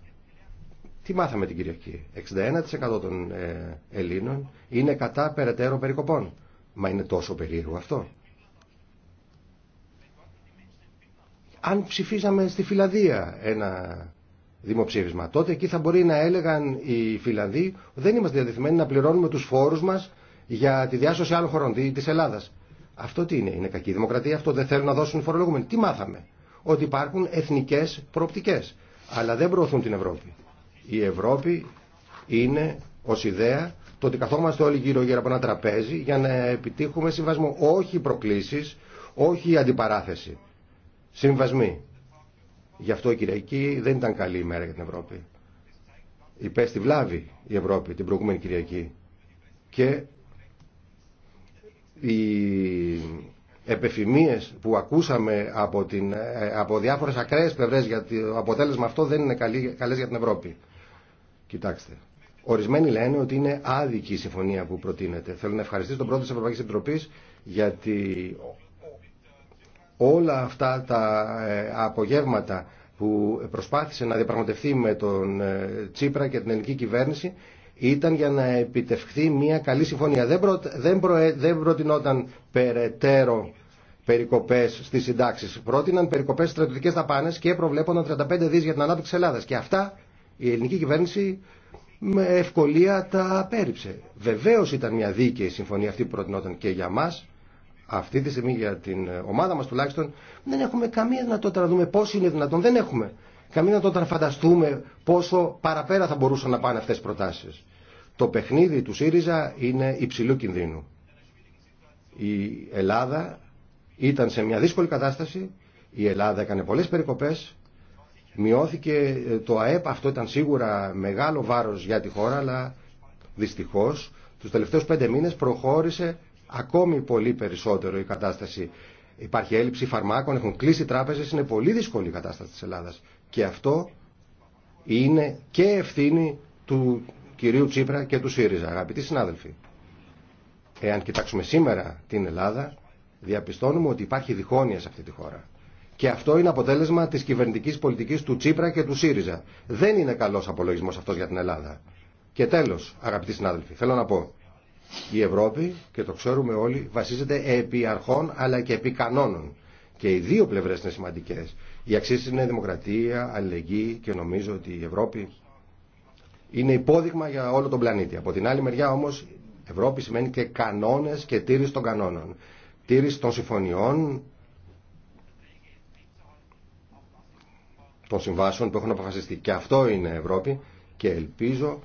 Τι μάθαμε την Κυριακή. 61% των ε, Ελλήνων είναι κατά περαιτέρω περικοπών. Μα είναι τόσο περίεργο αυτό. Αν ψηφίζαμε στη Φιλανδία ένα δημοψήφισμα, τότε εκεί θα μπορεί να έλεγαν οι Φιλανδοί δεν είμαστε διαδεθμένοι να πληρώνουμε τους φόρους μας για τη διάσωση άλλων χωρών της Ελλάδας. Αυτό τι είναι, είναι κακή δημοκρατία, αυτό δεν θέλουν να δώσουν φορολογούμενοι. Τι μάθαμε, ότι υπάρχουν εθνικές προοπτικές, αλλά δεν προωθούν την Ευρώπη. Η Ευρώπη είναι ως ιδέα το ότι καθόμαστε όλοι γύρω γύρω από ένα τραπέζι για να επιτύχουμε συμβασμό. Όχι προκλήσεις, όχι αντιπαράθεση. Συμβασμοί. Γι' αυτό η Κυριακή δεν ήταν καλή ημέρα για την Ευρώπη. Υπέστη βλάβη η Ευρώπη την προηγούμενη Κυριακή. Και οι επιφημίες που ακούσαμε από, την, ε, από διάφορες ακραίες πλευρές για το αποτέλεσμα αυτό δεν είναι καλές για την Ευρώπη. Κοιτάξτε. Ορισμένοι λένε ότι είναι άδικη η συμφωνία που προτείνεται. Θέλω να ευχαριστήσω τον πρόεδρο τη Ευρωπαϊκή Επιτροπή γιατί όλα αυτά τα ε, απογεύματα που προσπάθησε να διαπραγματευτεί με τον ε, Τσίπρα και την ελληνική κυβέρνηση ήταν για να επιτευχθεί μια καλή συμφωνία. Δεν, προ, δεν, προ, δεν προτινόταν περαιτέρω περικοπέ στι συντάξει. Πρότειναν περικοπέ στι στρατιωτικέ δαπάνε και προβλέπονταν 35 δι για την ανάπτυξη Ελλάδα. Και αυτά η ελληνική κυβέρνηση με ευκολία τα απέρριψε. Βεβαίως ήταν μια δίκαιη συμφωνία αυτή που προτινόταν και για μας, αυτή τη στιγμή για την ομάδα μας τουλάχιστον, δεν έχουμε καμία δυνατότητα να δούμε πώ είναι δυνατόν. Δεν έχουμε καμία δυνατότητα να φανταστούμε πόσο παραπέρα θα μπορούσαν να πάνε αυτές οι προτάσεις. Το παιχνίδι του ΣΥΡΙΖΑ είναι υψηλού κινδύνου. Η Ελλάδα ήταν σε μια δύσκολη κατάσταση, η Ελλάδα έκανε πολλές περικοπές, Μειώθηκε ε, το ΑΕΠ, αυτό ήταν σίγουρα μεγάλο βάρος για τη χώρα, αλλά δυστυχώς τους τελευταίους πέντε μήνες προχώρησε ακόμη πολύ περισσότερο η κατάσταση. Υπάρχει έλλειψη φαρμάκων, έχουν κλείσει τράπεζες, είναι πολύ δύσκολη η κατάσταση της Ελλάδας. Και αυτό είναι και ευθύνη του κυρίου Τσίπρα και του ΣΥΡΙΖΑ, αγαπητοί συνάδελφοι. Εάν κοιτάξουμε σήμερα την Ελλάδα, διαπιστώνουμε ότι υπάρχει διχόνοια σε αυτή τη χώρα. Και αυτό είναι αποτέλεσμα τη κυβερνητική πολιτική του Τσίπρα και του ΣΥΡΙΖΑ. Δεν είναι καλό απολογισμό αυτό για την Ελλάδα. Και τέλο, αγαπητοί συνάδελφοι, θέλω να πω. Η Ευρώπη, και το ξέρουμε όλοι, βασίζεται επί αρχών αλλά και επί κανόνων. Και οι δύο πλευρέ είναι σημαντικέ. Οι αξίε είναι δημοκρατία, αλληλεγγύη και νομίζω ότι η Ευρώπη είναι υπόδειγμα για όλο τον πλανήτη. Από την άλλη μεριά όμω, Ευρώπη σημαίνει και κανόνε και τήρηση των κανόνων. Τήρηση των συμφωνιών, των συμβάσεων που έχουν αποφασιστεί. Και αυτό είναι Ευρώπη και ελπίζω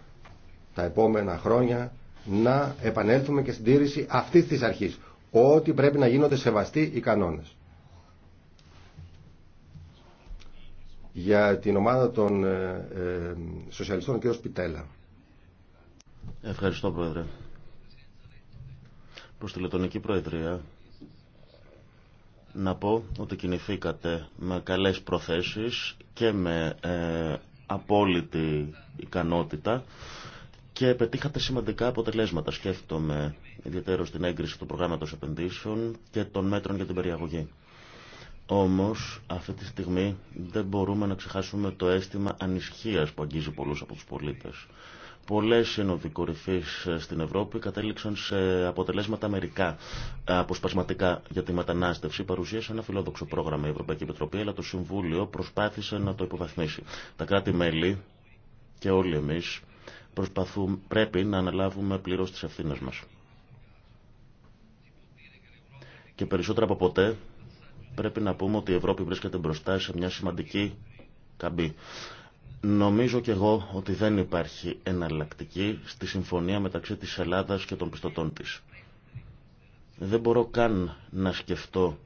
τα επόμενα χρόνια να επανέλθουμε και στην τήρηση αυτής της αρχής. Ότι πρέπει να γίνονται σεβαστοί οι κανόνες. Για την ομάδα των ε, ε, σοσιαλιστών, ο κ. Πιτέλα. Ευχαριστώ, Πρόεδρε. Προς τη Λετωνική Προεδρία να πω ότι κινηθήκατε με καλές προθέσεις και με ε, απόλυτη ικανότητα και πετύχατε σημαντικά αποτελέσματα. Σκέφτομαι ιδιαίτερα στην έγκριση του προγράμματος επενδύσεων και των μέτρων για την περιαγωγή. Όμως αυτή τη στιγμή δεν μπορούμε να ξεχάσουμε το αίσθημα ανησυχίας που αγγίζει πολλούς από τους πολίτες. Πολλές σύνοδοι κορυφής ε, στην Ευρώπη κατέληξαν σε αποτελέσματα μερικά αποσπασματικά για τη μετανάστευση. Παρουσίασε ένα φιλόδοξο πρόγραμμα η Ευρωπαϊκή Επιτροπή, αλλά το Συμβούλιο προσπάθησε να το υποβαθμίσει. Τα κράτη-μέλη και όλοι εμείς προσπαθούμε, πρέπει να αναλάβουμε πλήρως τις ευθύνε μας. Και περισσότερο από ποτέ πρέπει να πούμε ότι η Ευρώπη βρίσκεται μπροστά σε μια σημαντική καμπή. Νομίζω και εγώ ότι δεν υπάρχει εναλλακτική στη συμφωνία μεταξύ της Ελλάδας και των πιστωτών της. Δεν μπορώ καν να σκεφτώ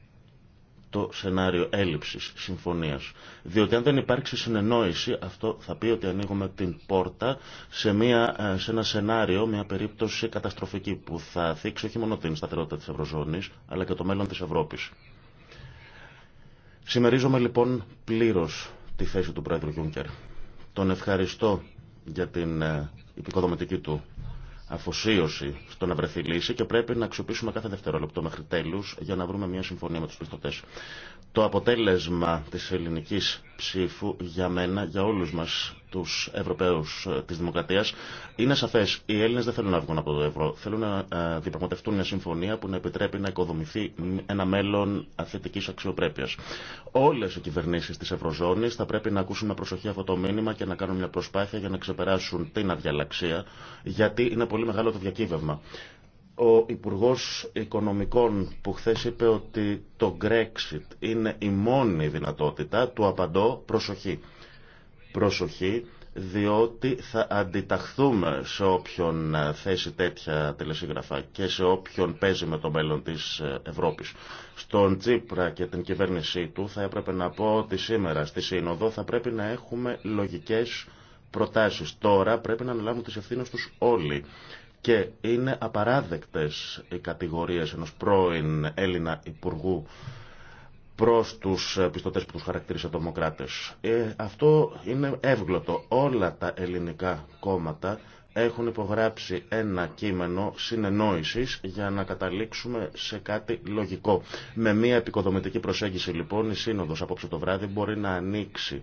το σενάριο έλλειψης συμφωνίας. Διότι αν δεν υπάρξει συνεννόηση, αυτό θα πει ότι ανοίγουμε την πόρτα σε, μια, ε, σε ένα σενάριο, μια περίπτωση καταστροφική που θα θίξει όχι μόνο την σταθερότητα της Ευρωζώνης, αλλά και το μέλλον της Ευρώπης. Συμμερίζομαι λοιπόν πλήρως τη θέση του Πρόεδρου Γιούγκερ. Τον ευχαριστώ για την υποδομητική ε, του αφοσίωση στο να βρεθεί λύση και πρέπει να αξιοποιήσουμε κάθε δευτερόλεπτο μέχρι τέλου για να βρούμε μια συμφωνία με του πιστωτέ. Το αποτέλεσμα τη ελληνική ψήφου για μένα, για όλου μα του Ευρωπαίου ε, τη Δημοκρατία Είναι σαφέ. οι Έλληνε δεν θέλουν να βγουν από το ευρώ. Θέλουν να ε, διαπραγματευτούν μια συμφωνία που να επιτρέπει να οικοδομηθεί ένα μέλλον θετική αξιοπρέπεια. Όλε οι κυβερνήσει τη Ευρωζώνης θα πρέπει να ακούσουν με προσοχή αυτό το μήνυμα και να κάνουν μια προσπάθεια για να ξεπεράσουν την αδιαλαξία, γιατί είναι πολύ μεγάλο το διακύβευμα ο Υπουργό Οικονομικών που χθε είπε ότι το Brexit είναι η μόνη δυνατότητα, του απαντώ προσοχή. Προσοχή, διότι θα αντιταχθούμε σε όποιον ε, θέσει τέτοια τελεσίγραφα και σε όποιον παίζει με το μέλλον της ε, Ευρώπης. Στον Τσίπρα και την κυβέρνησή του θα έπρεπε να πω ότι σήμερα στη Σύνοδο θα πρέπει να έχουμε λογικές προτάσεις. Τώρα πρέπει να αναλάβουν τις ευθύνες τους όλοι. Και είναι απαράδεκτες οι κατηγορίες ενός πρώην Έλληνα Υπουργού προς τους πιστωτές που τους χαρακτήρισε δημοκράτες. Ε, αυτό είναι εύγλωτο. Όλα τα ελληνικά κόμματα έχουν υπογράψει ένα κείμενο συνεννόησης για να καταλήξουμε σε κάτι λογικό. Με μια επικοδομητική προσέγγιση λοιπόν η Σύνοδος απόψε το βράδυ μπορεί να ανοίξει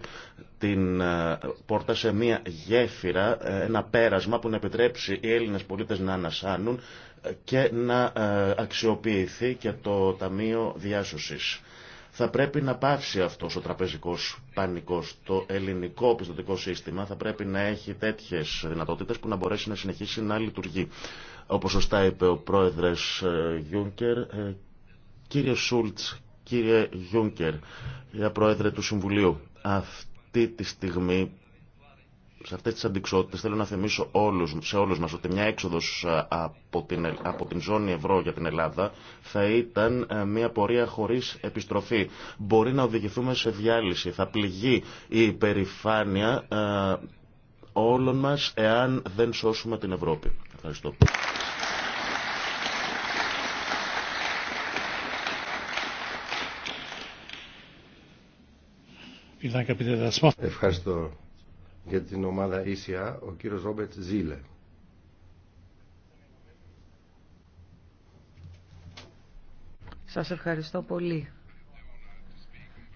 την ε, πόρτα σε μια γέφυρα, ε, ένα πέρασμα που να επιτρέψει οι Έλληνες πολίτες να ανασάνουν και να ε, αξιοποιηθεί και το Ταμείο Διάσωσης θα πρέπει να πάψει αυτός ο τραπεζικός πανικός. Το ελληνικό πιστοτικό σύστημα θα πρέπει να έχει τέτοιες δυνατότητες που να μπορέσει να συνεχίσει να λειτουργεί. Όπως σωστά είπε ο πρόεδρος ε, Γιούνκερ, ε, κύριε Σούλτς, κύριε Γιούνκερ, για πρόεδρε του Συμβουλίου, αυτή τη στιγμή σε αυτές τις αντικσότητες θέλω να θυμίσω όλους, σε όλους μας ότι μια έξοδος ε, από την, ε, από την ζώνη ευρώ για την Ελλάδα θα ήταν ε, μια πορεία χωρίς επιστροφή. Μπορεί να οδηγηθούμε σε διάλυση, θα πληγεί η υπερηφάνεια όλων μας εάν δεν σώσουμε την Ευρώπη. Ευχαριστώ. Ευχαριστώ για την ομάδα ECA ο κύριος Ρόμπερτ Ζήλε. Σας ευχαριστώ πολύ.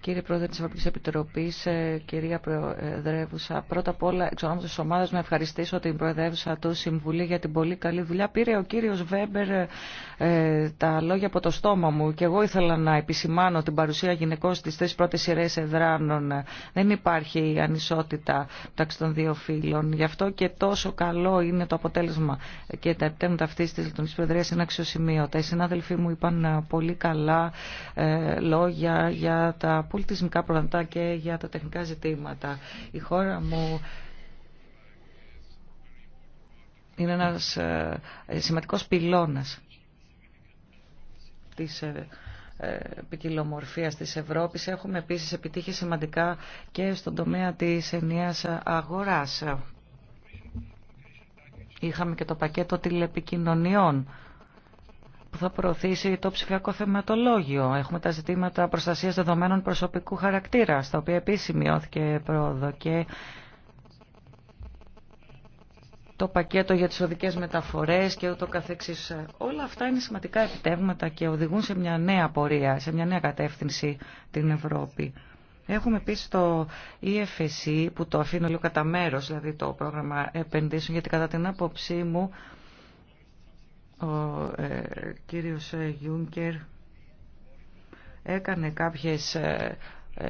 Κύριε Πρόεδρε της Ευρωπαϊκής Επιτροπής, ε, κυρία Προεδρεύουσα, πρώτα απ' όλα εξ ονόματος της ομάδας να ευχαριστήσω την Προεδρεύουσα του Συμβουλή για την πολύ καλή δουλειά. Πήρε ο κύριος Βέμπερ ε, ε, τα λόγια από το στόμα μου και εγώ ήθελα να επισημάνω την παρουσία γυναικών στις τρεις πρώτες σειρές εδράνων. Δεν υπάρχει ανισότητα μεταξύ των δύο φίλων. Γι' αυτό και τόσο καλό είναι το αποτέλεσμα και τα επιτέμματα αυτής της λειτουργικής Προεδρίας είναι αξιοσημείωτα. Οι συνάδελφοί μου είπαν πολύ καλά λόγια για τα πολιτισμικά προγραμματά και για τα τεχνικά ζητήματα. Η χώρα μου είναι ένας ε, σημαντικός πυλώνας της ε, ε, ποικιλομορφίας της Ευρώπης. Έχουμε επίσης επιτύχει σημαντικά και στον τομέα της ενίας αγοράς. Είχαμε και το πακέτο τηλεπικοινωνιών που θα προωθήσει το ψηφιακό θεματολόγιο. Έχουμε τα ζητήματα προστασίας δεδομένων προσωπικού χαρακτήρα, στα οποία επίση σημειώθηκε πρόοδο και το πακέτο για τις οδικές μεταφορές και ούτω καθεξής. Όλα αυτά είναι σημαντικά επιτεύγματα και οδηγούν σε μια νέα πορεία, σε μια νέα κατεύθυνση την Ευρώπη. Έχουμε επίση το EFSE e που το αφήνω λίγο κατά μέρο, δηλαδή το πρόγραμμα επενδύσεων, γιατί κατά την άποψή μου ο ε, κύριος ε, Γιούνκερ έκανε κάποιες ε, ε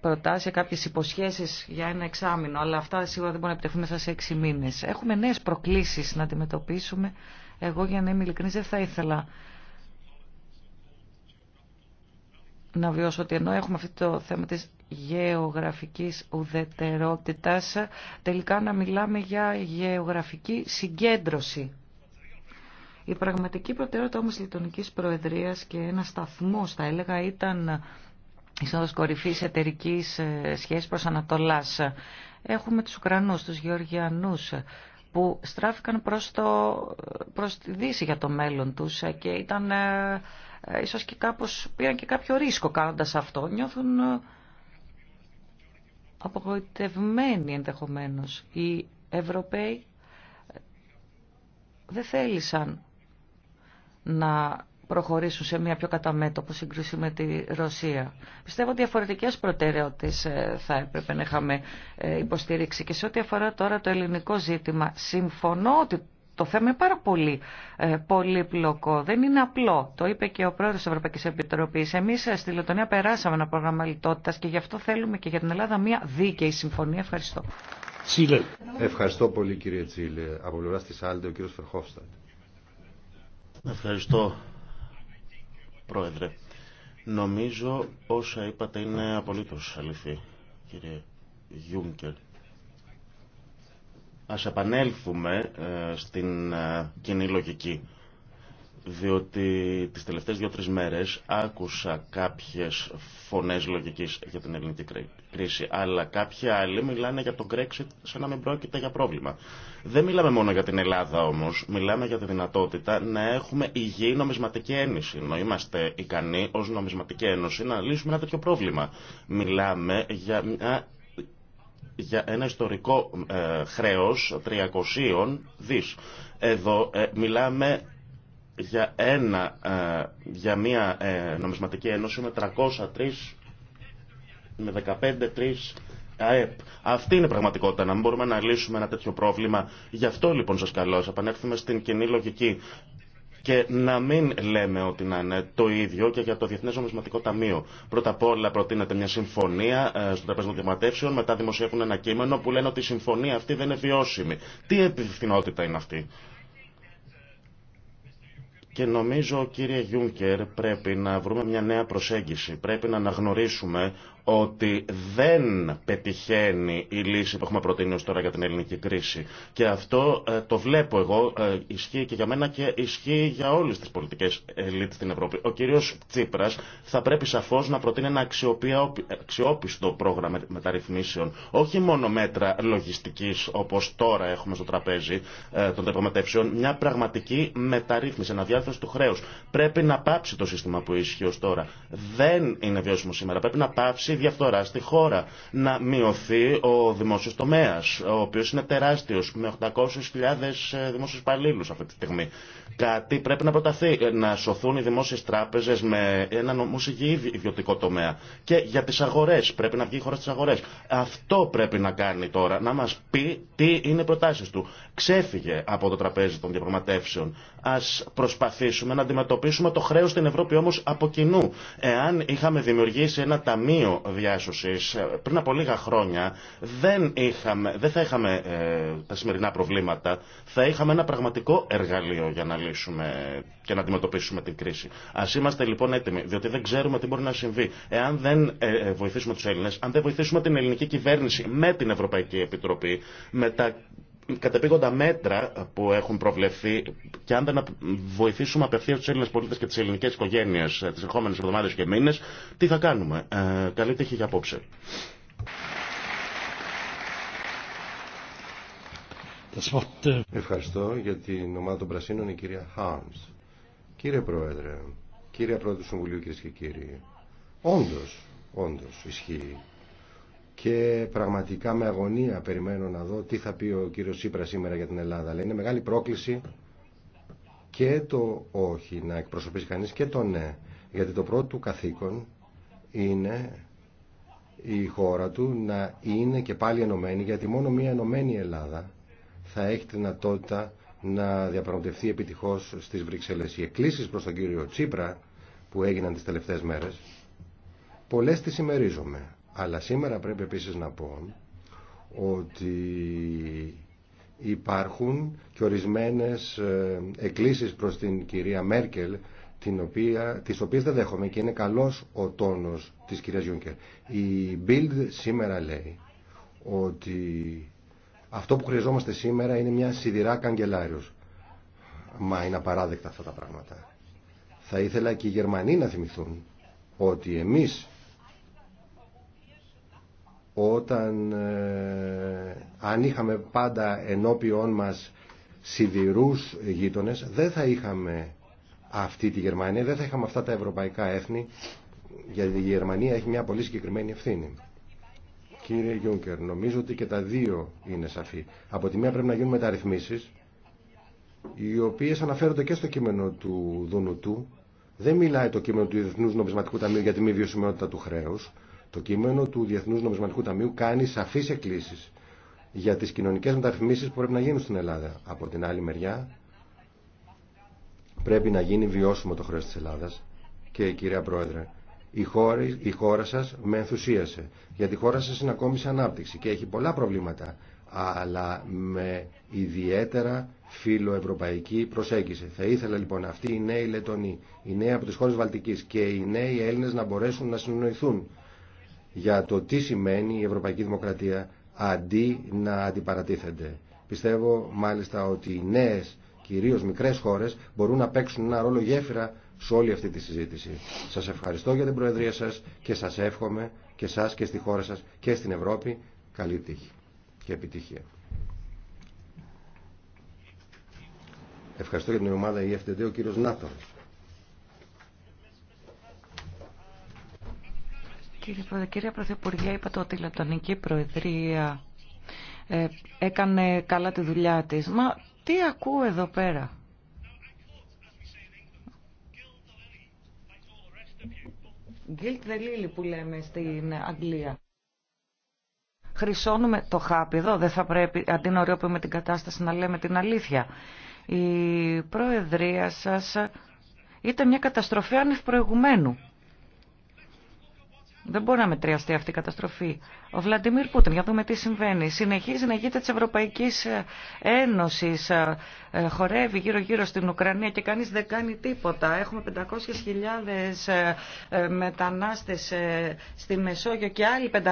προτάσει, κάποιε υποσχέσει για ένα εξάμεινο, αλλά αυτά σίγουρα δεν μπορούν να επιτευχθούν μέσα σε έξι μήνες. Έχουμε νέες προκλήσεις να αντιμετωπίσουμε. Εγώ, για να είμαι ειλικρινής, δεν θα ήθελα να βιώσω ότι ενώ έχουμε αυτό το θέμα της γεωγραφικής ουδετερότητας, τελικά να μιλάμε για γεωγραφική συγκέντρωση η πραγματική προτεραιότητα όμως λιτωνικής προεδρίας και ένα σταθμό, θα έλεγα, ήταν η Σύνοδος Κορυφής Εταιρικής ε, Σχέσης προς Ανατολάς. Έχουμε τους Ουκρανούς, τους Γεωργιανούς, που στράφηκαν προς, το, προς τη Δύση για το μέλλον τους ε, και ήταν ε, ε, ίσως και κάπως, πήραν και κάποιο ρίσκο κάνοντας αυτό. Νιώθουν απογοητευμένοι ενδεχομένως. Οι Ευρωπαίοι δεν θέλησαν να προχωρήσουν σε μια πιο καταμέτωπο σύγκριση με τη Ρωσία. Πιστεύω ότι διαφορετικές προτεραιότητες ε, θα έπρεπε να είχαμε ε, υποστηρίξει και σε ό,τι αφορά τώρα το ελληνικό ζήτημα. Συμφωνώ ότι το θέμα είναι πάρα πολύ ε, πολύπλοκο. Δεν είναι απλό. Το είπε και ο πρόεδρο τη Ευρωπαϊκή Επιτροπή. Εμεί ε, στη Λετωνία περάσαμε ένα πρόγραμμα λιτότητα και γι' αυτό θέλουμε και για την Ελλάδα μια δίκαιη συμφωνία. Ευχαριστώ. Ευχαριστώ πολύ κύριε Τσίλε. Από πλευρά ο κύριο Φερχόφσταντ. Ευχαριστώ, Πρόεδρε. Νομίζω όσα είπατε είναι απολύτως αληθή, κύριε Γιούγκερ. Ας επανέλθουμε ε, στην ε, κοινή λογική διότι τις τελευταίες δύο-τρεις μέρες άκουσα κάποιες φωνές λογικής για την ελληνική κρίση, αλλά κάποιοι άλλοι μιλάνε για τον Brexit σαν να μην πρόκειται για πρόβλημα. Δεν μιλάμε μόνο για την Ελλάδα όμως, μιλάμε για τη δυνατότητα να έχουμε υγιή νομισματική ένωση, να είμαστε ικανοί ως νομισματική ένωση να λύσουμε ένα τέτοιο πρόβλημα. Μιλάμε για για ένα ιστορικό ε, χρέος 300 δις. Εδώ ε, μιλάμε για, ένα, ε, για μια ε, νομισματική ένωση με 303 με 15-3 ΑΕΠ. Αυτή είναι η πραγματικότητα, να μην μπορούμε να λύσουμε ένα τέτοιο πρόβλημα. Γι' αυτό λοιπόν σας καλώ, ας επανέλθουμε στην κοινή λογική και να μην λέμε ότι να είναι το ίδιο και για το Διεθνέ Νομισματικό Ταμείο. Πρώτα απ' όλα προτείνεται μια συμφωνία ε, στον Τραπέζι των μετά δημοσιεύουν ένα κείμενο που λένε ότι η συμφωνία αυτή δεν είναι βιώσιμη. Τι επιθυμότητα είναι αυτή. Και νομίζω, κύριε Γιούνκερ, πρέπει να βρούμε μια νέα προσέγγιση. Πρέπει να αναγνωρίσουμε ότι δεν πετυχαίνει η λύση που έχουμε προτείνει ως τώρα για την ελληνική κρίση. Και αυτό ε, το βλέπω εγώ, ε, ισχύει και για μένα και ισχύει για όλες τις πολιτικές ελίτ στην Ευρώπη. Ο κύριος Τσίπρας θα πρέπει σαφώς να προτείνει ένα αξιόπιστο πρόγραμμα μεταρρυθμίσεων. Όχι μόνο μέτρα λογιστικής όπως τώρα έχουμε στο τραπέζι ε, των διαπραγματεύσεων, μια πραγματική μεταρρύθμιση, ένα του χρέου. Πρέπει να πάψει το σύστημα που ισχύει ω τώρα. Δεν είναι βιώσιμο σήμερα. Πρέπει να πάψει η διαφθορά στη χώρα. Να μειωθεί ο δημόσιο τομέα, ο οποίο είναι τεράστιο, με 800.000 ε, δημόσιου υπαλλήλου αυτή τη στιγμή. Κάτι πρέπει να προταθεί. Ε, να σωθούν οι δημόσιε τράπεζε με ένα νομό ιδιωτικό τομέα. Και για τι αγορέ. Πρέπει να βγει η χώρα στι αγορέ. Αυτό πρέπει να κάνει τώρα. Να μα πει τι είναι οι προτάσει του. Ξέφυγε από το τραπέζι των διαπραγματεύσεων. Α προσπαθήσουμε να αντιμετωπίσουμε το χρέο στην Ευρώπη όμω από κοινού. Εάν είχαμε δημιουργήσει ένα ταμείο διάσωση ε, πριν από λίγα χρόνια, δεν, είχαμε, δεν θα είχαμε ε, τα σημερινά προβλήματα. Θα είχαμε ένα πραγματικό εργαλείο για να λύσουμε και να αντιμετωπίσουμε την κρίση. Α είμαστε λοιπόν έτοιμοι, διότι δεν ξέρουμε τι μπορεί να συμβεί. Εάν δεν ε, ε, βοηθήσουμε του Έλληνε, αν δεν βοηθήσουμε την ελληνική κυβέρνηση με την Ευρωπαϊκή Επιτροπή, με τα κατεπήγοντα μέτρα που έχουν προβλεφθεί και αν δεν βοηθήσουμε απευθεία του Έλληνες πολίτε και τις ελληνικέ οικογένειε ε, τι ερχόμενε εβδομάδε και μήνες, τι θα κάνουμε. Ε, καλή τύχη για απόψε. Ε, Ευχαριστώ για την ομάδα των Πρασίνων η κυρία Χάμς. Κύριε Πρόεδρε, κύριε Πρόεδρε του Συμβουλίου κυρίε και κύριοι, όντως, όντως ισχύει και πραγματικά με αγωνία περιμένω να δω τι θα πει ο κύριος Σύπρα σήμερα για την Ελλάδα. Αλλά είναι μεγάλη πρόκληση και το όχι να εκπροσωπήσει κανείς και το ναι. Γιατί το πρώτο του καθήκον είναι η χώρα του να είναι και πάλι ενωμένη γιατί μόνο μια ενωμένη Ελλάδα θα έχει τη δυνατότητα να διαπραγματευτεί επιτυχώς στις Βρυξέλλες. Οι εκκλήσεις προς τον κύριο Τσίπρα που έγιναν τις τελευταίες μέρες πολλές τις ημερίζομαι αλλά σήμερα πρέπει επίσης να πω ότι υπάρχουν και ορισμένες ε, εκκλήσεις προς την κυρία Μέρκελ την οποία, τις οποίες δεν δέχομαι και είναι καλός ο τόνος της κυρίας Γιούνκερ. Η Bild σήμερα λέει ότι αυτό που χρειαζόμαστε σήμερα είναι μια σιδηρά καγκελάριος. Μα είναι απαράδεκτα αυτά τα πράγματα. Θα ήθελα και οι Γερμανοί να θυμηθούν ότι εμείς όταν ε, αν είχαμε πάντα ενώπιόν μας σιδηρούς γείτονες δεν θα είχαμε αυτή τη Γερμανία, δεν θα είχαμε αυτά τα ευρωπαϊκά έθνη γιατί η Γερμανία έχει μια πολύ συγκεκριμένη ευθύνη. Κύριε Γιούγκερ, νομίζω ότι και τα δύο είναι σαφή. Από τη μία πρέπει να γίνουν μεταρρυθμίσεις οι οποίες αναφέρονται και στο κείμενο του Δουνουτού. Δεν μιλάει το κείμενο του Διεθνούς Νομισματικού Ταμείου για τη μη βιωσιμότητα του χρέους. Το κείμενο του Διεθνούς Νομισματικού Ταμείου κάνει σαφείς εκκλήσεις για τις κοινωνικές μεταρρυθμίσεις που πρέπει να γίνουν στην Ελλάδα. Από την άλλη μεριά πρέπει να γίνει βιώσιμο το χρέος της Ελλάδας. Και κυρία Πρόεδρε, η χώρα, η χώρα σας με ενθουσίασε, γιατί η χώρα σας είναι ακόμη σε ανάπτυξη και έχει πολλά προβλήματα, αλλά με ιδιαίτερα φιλοευρωπαϊκή προσέγγιση. Θα ήθελα λοιπόν αυτοί οι νέοι Λετωνοί, οι νέοι από τις χώρες Βαλτικής και οι νέοι Έλληνες να μπορέσουν να συνοηθούν για το τι σημαίνει η Ευρωπαϊκή Δημοκρατία αντί να αντιπαρατίθενται. Πιστεύω μάλιστα ότι οι νέες, κυρίως μικρές χώρες, μπορούν να παίξουν ένα ρόλο γέφυρα σε όλη αυτή τη συζήτηση. Σας ευχαριστώ για την Προεδρία σας και σας εύχομαι και σας και στη χώρα σας και στην Ευρώπη καλή τύχη και επιτυχία. Ευχαριστώ για την ομάδα EFTD, ο κύριος Νάτορος. Κύριε κύριε Πρωθυπουργέ, είπατε ότι η Λεπτονική Προεδρία ε, έκανε καλά τη δουλειά της. Μα τι ακούω εδώ πέρα. Γκίλτ the lily που λέμε στην Αγγλία. Χρυσώνουμε το χάπι εδώ, δεν θα πρέπει αντί να οριοποιούμε την κατάσταση να λέμε την αλήθεια. Η Προεδρία σας ήταν μια καταστροφή ανευπροηγουμένου. Δεν μπορεί να μετριαστεί αυτή η καταστροφή. Ο Βλαντιμίρ Πούτιν, για να δούμε τι συμβαίνει, συνεχίζει να γίνεται τη Ευρωπαϊκή ε, Ένωση. Ε, ε, χορεύει γύρω-γύρω στην Ουκρανία και κανεί δεν κάνει τίποτα. Έχουμε 500.000 μετανάστε στη Μεσόγειο και άλλοι 500.000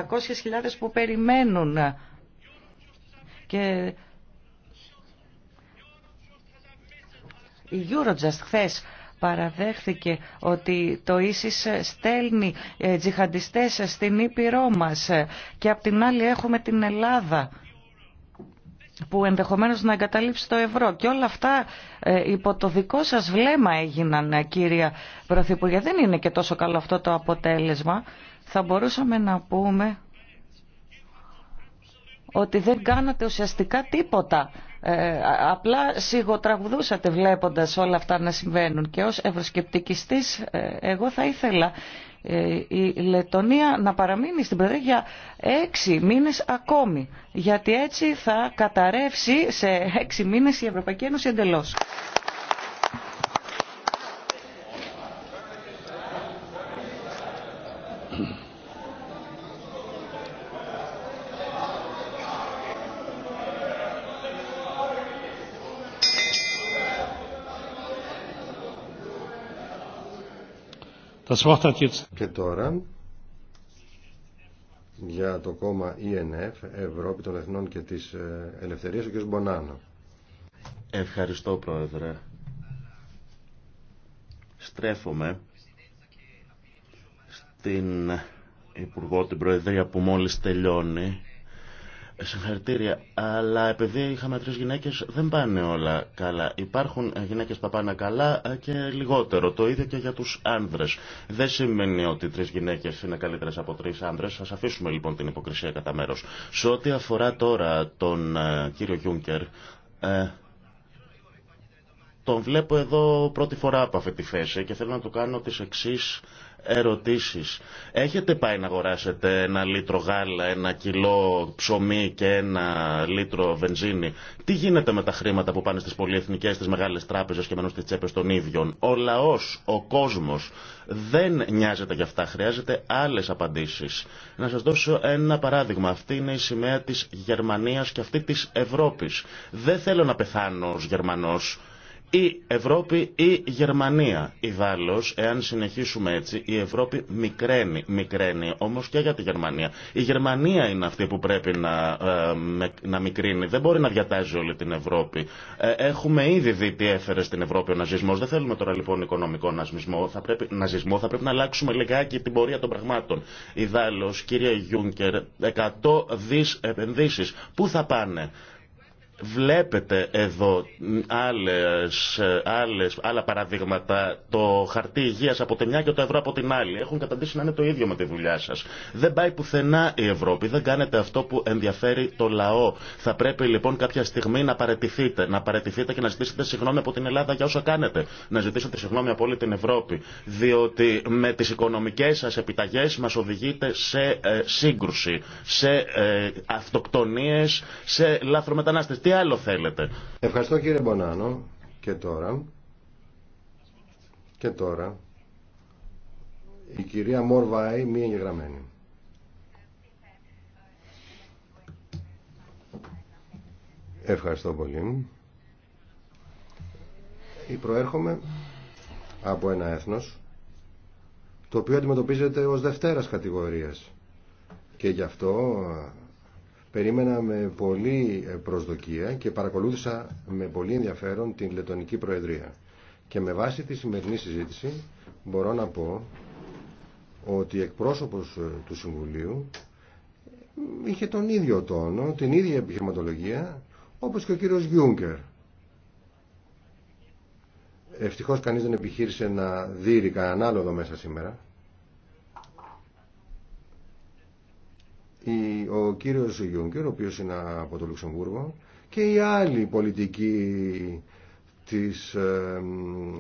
που περιμένουν. Και η Eurojust χθες παραδέχθηκε ότι το ίσις στέλνει ε, τζιχαντιστές στην Ήπειρό μας και απ' την άλλη έχουμε την Ελλάδα που ενδεχομένως να εγκαταλείψει το ευρώ. Και όλα αυτά ε, υπό το δικό σας βλέμμα έγιναν, ε, κύρια Πρωθυπουργέ. Δεν είναι και τόσο καλό αυτό το αποτέλεσμα. Θα μπορούσαμε να πούμε ότι δεν κάνατε ουσιαστικά τίποτα ε, απλά σιγοτραγουδούσατε βλέποντας όλα αυτά να συμβαίνουν και ως ευρωσκεπτικιστής ε, εγώ θα ήθελα ε, η Λετωνία να παραμείνει στην Προεδρία για έξι μήνες ακόμη γιατί έτσι θα καταρρεύσει σε έξι μήνες η Ευρωπαϊκή Ένωση εντελώς. Και τώρα για το κόμμα ΕΝΕΦ, e Ευρώπη των Εθνών και της ε, Ελευθερίας, ο κ. Μπονάνο. Ευχαριστώ, Πρόεδρε. Στρέφομαι στην Υπουργό, την Προεδρία που μόλις τελειώνει Συγχαρητήρια. Αλλά επειδή είχαμε τρει γυναίκε, δεν πάνε όλα καλά. Υπάρχουν ε, γυναίκε που πάνε καλά ε, και λιγότερο. Το ίδιο και για του άνδρε. Δεν σημαίνει ότι τρει γυναίκε είναι καλύτερε από τρει άνδρε. Α αφήσουμε λοιπόν την υποκρισία κατά μέρο. Σε ό,τι αφορά τώρα τον ε, κύριο Γιούνκερ, τον βλέπω εδώ πρώτη φορά από αυτή τη θέση και θέλω να του κάνω τι εξή ερωτήσεις. Έχετε πάει να αγοράσετε ένα λίτρο γάλα, ένα κιλό ψωμί και ένα λίτρο βενζίνη. Τι γίνεται με τα χρήματα που πάνε στις πολυεθνικές, στις μεγάλες τράπεζες και μένουν στις τσέπες των ίδιων. Ο λαός, ο κόσμος δεν νοιάζεται για αυτά. Χρειάζεται άλλες απαντήσεις. Να σας δώσω ένα παράδειγμα. Αυτή είναι η σημαία της Γερμανίας και αυτή της Ευρώπης. Δεν θέλω να πεθάνω ως Γερμανός ή Ευρώπη ή Γερμανία. Ιδάλω, εάν συνεχίσουμε έτσι, η Ευρώπη μικραίνει. Μικραίνει όμω και για τη Γερμανία. Η Γερμανία είναι αυτή που πρέπει να, ε, να μικρύνει. Δεν μπορεί να διατάζει όλη την Ευρώπη. Ε, έχουμε ήδη δει τι έφερε στην Ευρώπη ο ναζισμό. Δεν θέλουμε τώρα λοιπόν οικονομικό ναζισμό. Θα πρέπει, ναζισμό. Θα πρέπει να αλλάξουμε λιγάκι την πορεία των πραγμάτων. Ιδάλω, κύριε Γιούνκερ, 100 δι επενδύσει. Πού θα πάνε. Βλέπετε εδώ άλλες, άλλες, άλλα παραδείγματα. Το χαρτί υγείας από τη μια και το ευρώ από την άλλη. Έχουν καταντήσει να είναι το ίδιο με τη δουλειά σας. Δεν πάει πουθενά η Ευρώπη. Δεν κάνετε αυτό που ενδιαφέρει το λαό. Θα πρέπει λοιπόν κάποια στιγμή να παρετηθείτε. Να παρετηθείτε και να ζητήσετε συγγνώμη από την Ελλάδα για όσα κάνετε. Να ζητήσετε συγγνώμη από όλη την Ευρώπη. Διότι με τις οικονομικές σας επιταγές μας οδηγείτε σε ε, σύγκρουση, σε ε, αυτοκτονίες, σε λάθρο άλλο θέλετε. Ευχαριστώ κύριε Μπονάνο. Και τώρα... Και τώρα... Η κυρία Μόρβαη, μία εγγεγραμμένη. Ευχαριστώ πολύ. Η προέρχομαι από ένα έθνος το οποίο αντιμετωπίζεται ως δευτέρας κατηγορίας και γι' αυτό Περίμενα με πολλή ε, προσδοκία και παρακολούθησα με πολύ ενδιαφέρον την Λετωνική Προεδρία. Και με βάση τη σημερινή συζήτηση μπορώ να πω ότι εκπρόσωπος ε, του Συμβουλίου ε, είχε τον ίδιο τόνο, την ίδια επιχειρηματολογία, όπως και ο κύριος Γιούγκερ. Ευτυχώς κανείς δεν επιχείρησε να δείρει κανέναν άλλο εδώ μέσα σήμερα. ο κύριος Γιούγκερ, ο οποίος είναι από το Λουξεμβούργο, και οι άλλοι πολιτικοί της ε,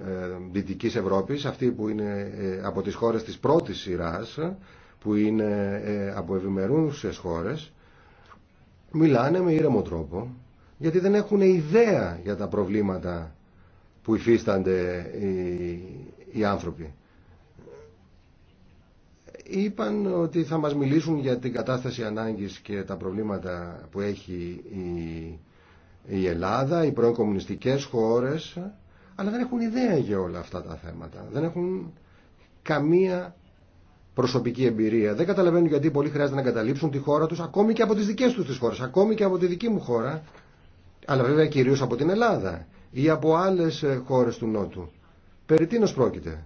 ε, Δυτικής Ευρώπης, αυτοί που είναι ε, από τις χώρες της πρώτης σειράς, που είναι ε, από ευημερούσες χώρες, μιλάνε με ήρεμο τρόπο, γιατί δεν έχουν ιδέα για τα προβλήματα που υφίστανται οι άνθρωποι είπαν ότι θα μας μιλήσουν για την κατάσταση ανάγκης και τα προβλήματα που έχει η, η Ελλάδα, οι πρώην κομμουνιστικές χώρες, αλλά δεν έχουν ιδέα για όλα αυτά τα θέματα. Δεν έχουν καμία προσωπική εμπειρία. Δεν καταλαβαίνουν γιατί πολλοί χρειάζεται να καταλήψουν τη χώρα τους, ακόμη και από τις δικές τους τις χώρες, ακόμη και από τη δική μου χώρα, αλλά βέβαια κυρίως από την Ελλάδα ή από άλλες χώρες του Νότου. Περί τίνος πρόκειται.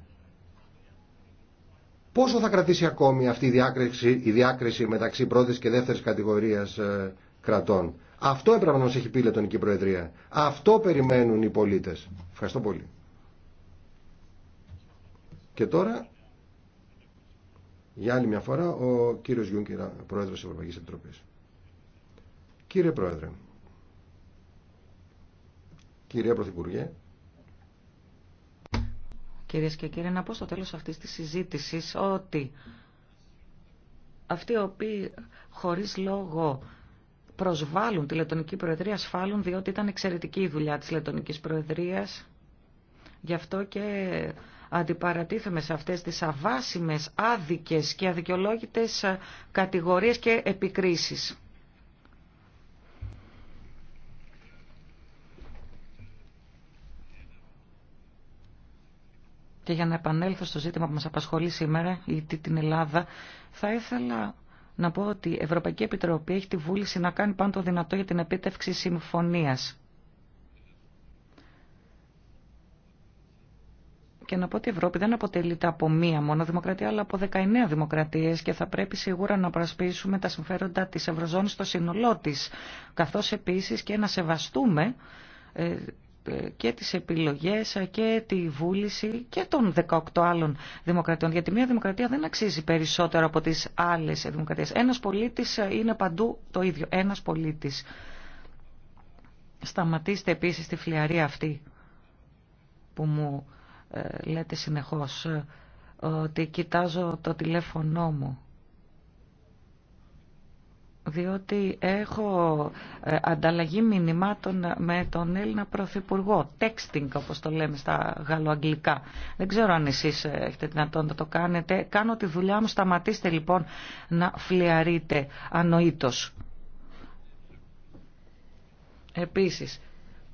Πόσο θα κρατήσει ακόμη αυτή η διάκριση, η μεταξύ πρώτης και δεύτερης κατηγορίας ε, κρατών. Αυτό έπρεπε να έχει πει η Λετωνική Προεδρία. Αυτό περιμένουν οι πολίτες. Ευχαριστώ πολύ. Και τώρα, για άλλη μια φορά, ο κύριος Γιούγκερ, Πρόεδρος της Ευρωπαϊκής Επιτροπής. Κύριε Πρόεδρε, κύριε Πρωθυπουργέ, Κυρίε και κύριοι, να πω στο τέλο αυτής της συζήτηση ότι αυτοί οι οποίοι χωρί λόγο προσβάλλουν τη Λετωνική Προεδρία ασφάλουν διότι ήταν εξαιρετική η δουλειά της Λετωνικής Προεδρίας. Γι' αυτό και αντιπαρατήθαμε σε αυτές τις αβάσιμες, άδικες και αδικαιολόγητες κατηγορίες και επικρίσεις. Και για να επανέλθω στο ζήτημα που μας απασχολεί σήμερα, ή την Ελλάδα, θα ήθελα να πω ότι η Ευρωπαϊκή Επιτροπή έχει τη βούληση να κάνει πάνω το δυνατό για την επίτευξη συμφωνίας. Και να πω ότι η Ευρώπη δεν αποτελείται από μία μόνο δημοκρατία, αλλά από 19 δημοκρατίε και θα πρέπει σίγουρα να προσπίσουμε τα συμφέροντα τη Ευρωζώνη στο σύνολό τη. Καθώ επίση και να σεβαστούμε ε, και τις επιλογές ε, και τη βούληση και των 18 άλλων δημοκρατιών. Γιατί μια δημοκρατία δεν αξίζει περισσότερο από τις άλλες δημοκρατίες. Ένας πολίτης ε, είναι παντού το ίδιο. Ένας πολίτης. Σταματήστε επίσης τη φλιαρία αυτή που μου ε, λέτε συνεχώς ότι κοιτάζω το τηλέφωνό μου διότι έχω ε, ανταλλαγή μηνυμάτων με τον Έλληνα Πρωθυπουργό, texting όπως το λέμε στα γαλλοαγγλικά. Δεν ξέρω αν εσείς ε, έχετε δυνατόν να το κάνετε. Κάνω τη δουλειά μου, σταματήστε λοιπόν να φλιαρείτε ανοήτως. Επίσης,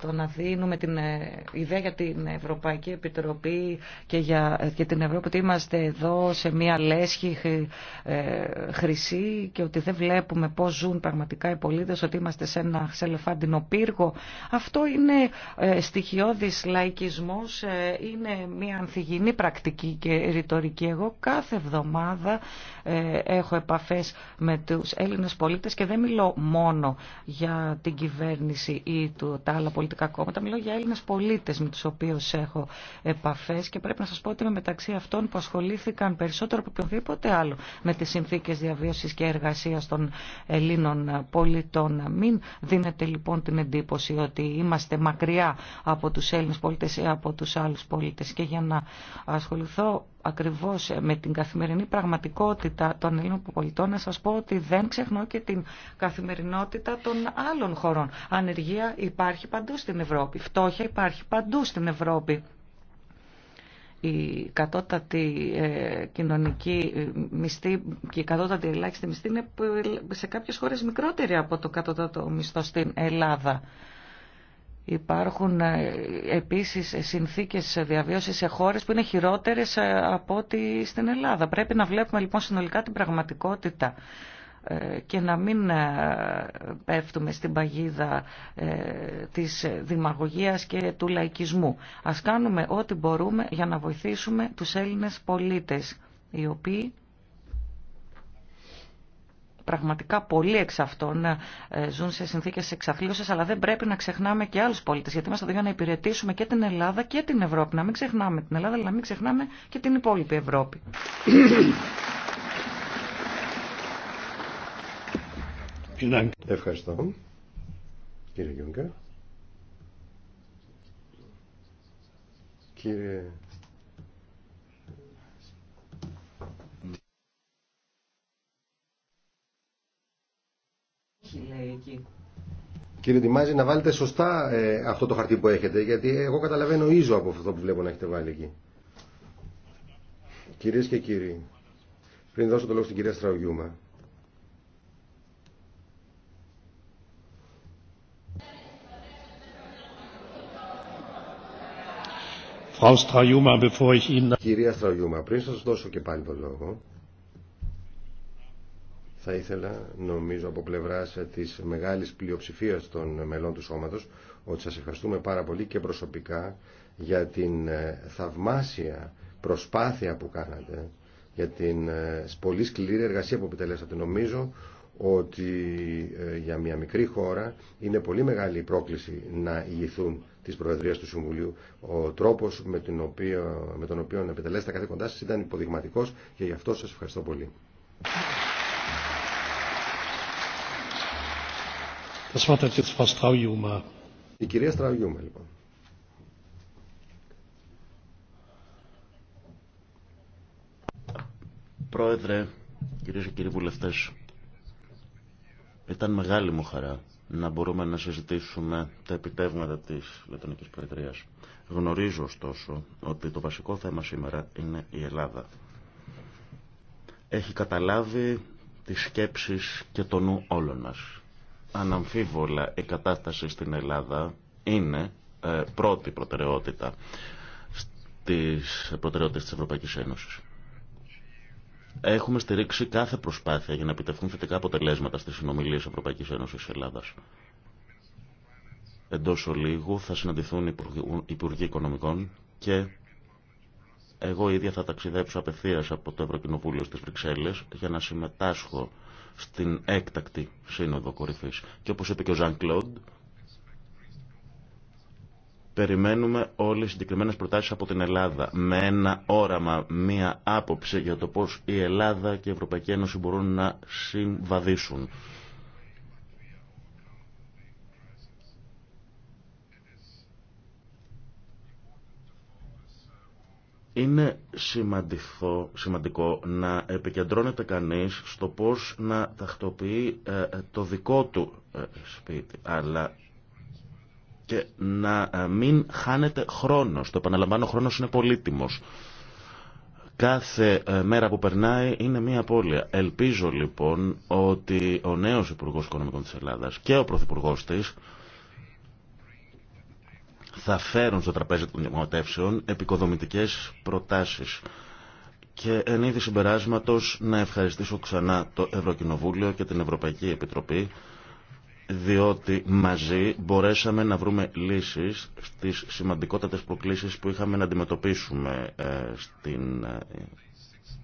το να δίνουμε την ε, ιδέα για την Ευρωπαϊκή Επιτροπή και για για ε, την Ευρώπη ότι είμαστε εδώ σε μια λέσχη ε, χρυσή και ότι δεν βλέπουμε πώς ζουν πραγματικά οι πολίτες, ότι είμαστε σε ένα ξελεφάντινο πύργο. Αυτό είναι στοιχειώδης λαϊκισμός, είναι μια ανθυγιεινή πρακτική και ρητορική. Εγώ κάθε εβδομάδα έχω επαφές με τους Έλληνες πολίτες και δεν μιλώ μόνο για την κυβέρνηση ή τα άλλα πολιτικά πολιτικά κόμματα, μιλώ για Έλληνες πολίτε με τους οποίους έχω επαφές και πρέπει να σας πω ότι είμαι μεταξύ αυτών που ασχολήθηκαν περισσότερο από οποιοδήποτε άλλο με τις συνθήκε διαβίωση και εργασίας των Ελλήνων πολιτών. Μην δίνετε λοιπόν την εντύπωση ότι είμαστε μακριά από τους Έλληνες πολίτες ή από τους άλλου πολίτε και για να ασχοληθώ ακριβώς ε, με την καθημερινή πραγματικότητα των Ελλήνων πολιτών να σας πω ότι δεν ξεχνώ και την καθημερινότητα των άλλων χωρών. Ανεργία υπάρχει παντού στην Ευρώπη, φτώχεια υπάρχει παντού στην Ευρώπη. Η κατώτατη ε, κοινωνική ε, μισθή και η κατώτατη ελάχιστη μισθή είναι σε κάποιες χώρες μικρότερη από το κατώτατο μισθό στην Ελλάδα. Υπάρχουν ε, επίσης συνθήκες διαβίωσης σε χώρες που είναι χειρότερες ε, από ό,τι στην Ελλάδα. Πρέπει να βλέπουμε λοιπόν συνολικά την πραγματικότητα ε, και να μην πέφτουμε στην παγίδα της δημαγωγίας και του λαϊκισμού. Ας κάνουμε ό,τι μπορούμε για να βοηθήσουμε τους Έλληνες πολίτες, οι οποίοι πραγματικά πολλοί εξ αυτών ε, ζουν σε συνθήκες εξαθλίωσης, αλλά δεν πρέπει να ξεχνάμε και άλλους πολίτες, γιατί είμαστε εδώ για να υπηρετήσουμε και την Ελλάδα και την Ευρώπη. Να μην ξεχνάμε την Ελλάδα, αλλά να μην ξεχνάμε και την υπόλοιπη Ευρώπη. Ευχαριστώ. Κύριε Γιούγκα. Κύριε εκεί. Κύριε Δημάζη, να βάλετε σωστά ε, αυτό το χαρτί που έχετε, γιατί εγώ καταλαβαίνω ίζο από αυτό που βλέπω να έχετε βάλει εκεί. Κυρίες και κύριοι, πριν δώσω το λόγο στην κυρία Στραουγιούμα, Κυρία Στραουγιούμα, πριν σας δώσω και πάλι το λόγο, θα ήθελα, νομίζω από πλευρά τη μεγάλη πλειοψηφία των μελών του σώματο, ότι σα ευχαριστούμε πάρα πολύ και προσωπικά για την ε, θαυμάσια προσπάθεια που κάνατε, για την ε, πολύ σκληρή εργασία που επιτελέσατε. Νομίζω ότι ε, για μια μικρή χώρα είναι πολύ μεγάλη η πρόκληση να ηγηθούν τη Προεδρία του Συμβουλίου. Ο τρόπο με, τον οποίο, με τον οποίο επιτελέσατε κάθε κοντά σα ήταν υποδειγματικό και γι' αυτό σα ευχαριστώ πολύ. Η κυρία λοιπόν. Πρόεδρε, κυρίες και κύριοι βουλευτές, ήταν μεγάλη μου χαρά να μπορούμε να συζητήσουμε τα επιτεύγματα της Λετωνικής Προεδρίας. Γνωρίζω ωστόσο ότι το βασικό θέμα σήμερα είναι η Ελλάδα. Έχει καταλάβει τις σκέψεις και το νου όλων μας Αναμφίβολα η κατάσταση στην Ελλάδα είναι ε, πρώτη προτεραιότητα στις προτεραιότητες της Ευρωπαϊκής Ένωσης. Έχουμε στηρίξει κάθε προσπάθεια για να επιτευχθούν θετικά αποτελέσματα στις συνομιλίες Ευρωπαϊκής Ένωσης Ελλάδας. Εντός ολίγου θα συναντηθούν οι Υπουργοί Οικονομικών και εγώ ίδια θα ταξιδέψω απευθείας από το Ευρωκοινοβούλιο στις Βρυξέλλες για να συμμετάσχω στην έκτακτη σύνοδο κορυφής. Και όπως είπε και ο Ζαν Κλοντ, περιμένουμε οι συγκεκριμένες προτάσεις από την Ελλάδα με ένα όραμα, μία άποψη για το πώς η Ελλάδα και η Ευρωπαϊκή Ένωση μπορούν να συμβαδίσουν. Είναι σημαντικό να επικεντρώνεται κανείς στο πώς να τακτοποιεί ε, ε, το δικό του ε, σπίτι, αλλά και να μην χάνεται χρόνος. Το επαναλαμβάνω, χρόνος είναι πολύτιμος. Κάθε μέρα που περνάει είναι μία απώλεια. Ελπίζω λοιπόν ότι ο νέος Υπουργός Οικονομικών της Ελλάδας και ο Πρωθυπουργός της θα φέρουν στο τραπέζι των δημοτεύσεων επικοδομητικές προτάσεις. Και εν είδη συμπεράσματος να ευχαριστήσω ξανά το Ευρωκοινοβούλιο και την Ευρωπαϊκή Επιτροπή διότι μαζί μπορέσαμε να βρούμε λύσεις στις σημαντικότατες προκλήσεις που είχαμε να αντιμετωπίσουμε ε, στην ε,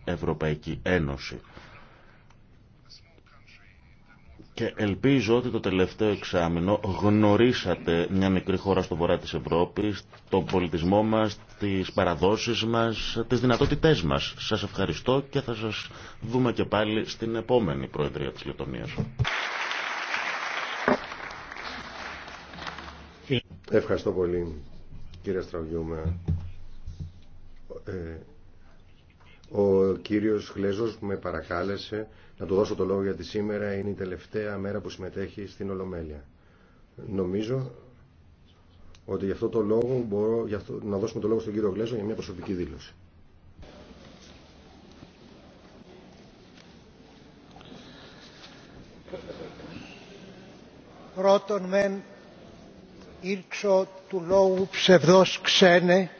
Ευρωπαϊκή Ένωση. Και ελπίζω ότι το τελευταίο εξάμεινο γνωρίσατε μια μικρή χώρα στο βορρά της Ευρώπης, τον πολιτισμό μας, τις παραδόσεις μας, τις δυνατότητές μας. Σας ευχαριστώ και θα σας δούμε και πάλι στην επόμενη Προεδρία της Λετωνίας. Ευχαριστώ πολύ κύριε Στραβιούμε. Ε, ο κύριος Χλέζος με παρακάλεσε να του δώσω το λόγο γιατί σήμερα είναι η τελευταία μέρα που συμμετέχει στην Ολομέλεια. Νομίζω ότι γι' αυτό το λόγο μπορώ γι να δώσουμε το λόγο στον κύριο Γλέζο για μια προσωπική δήλωση. Πρώτον μεν ήρξω του λόγου ψευδός ξένε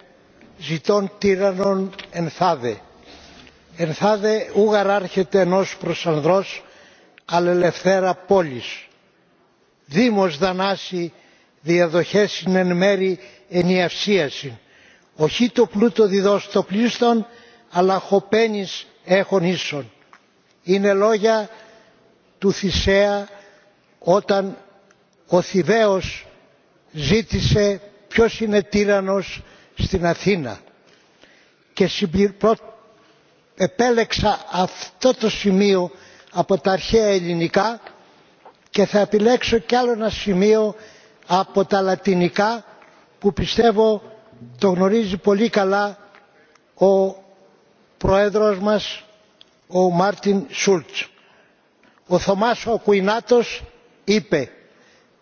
ζητών τύραννων ενθάδε ενθάδε ούγαρ άρχεται ενός προσανδρός αλελευθέρα πόλης. Δήμος δανάσι διαδοχέσιν εν μέρη ενιαυσίασιν. Οχι το πλούτο διδός το πλήστον, αλλά χοπένης έχων ίσον. Είναι λόγια του Θησέα όταν ο Θηβαίος ζήτησε ποιος είναι τύρανος στην Αθήνα και επέλεξα αυτό το σημείο από τα αρχαία ελληνικά και θα επιλέξω κι άλλο ένα σημείο από τα λατινικά που πιστεύω το γνωρίζει πολύ καλά ο πρόεδρος μας ο Μάρτιν Σούλτς. Ο Θωμάς ο Κουινάτος είπε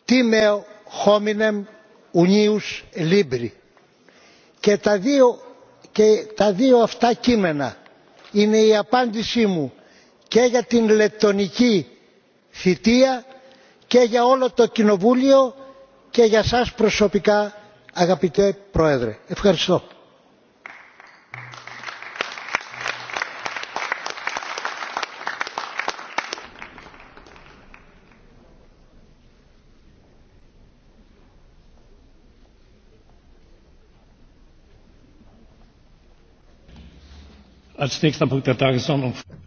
«Τίμεο χόμινεμ ουνίους λίμπρι» και και τα δύο αυτά κείμενα είναι η απάντησή μου και για την λετονική θητεία και για όλο το κοινοβούλιο και για σας προσωπικά αγαπητέ πρόεδρε. ευχαριστώ.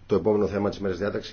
Το επόμενο θέμα της μέρες διάταξης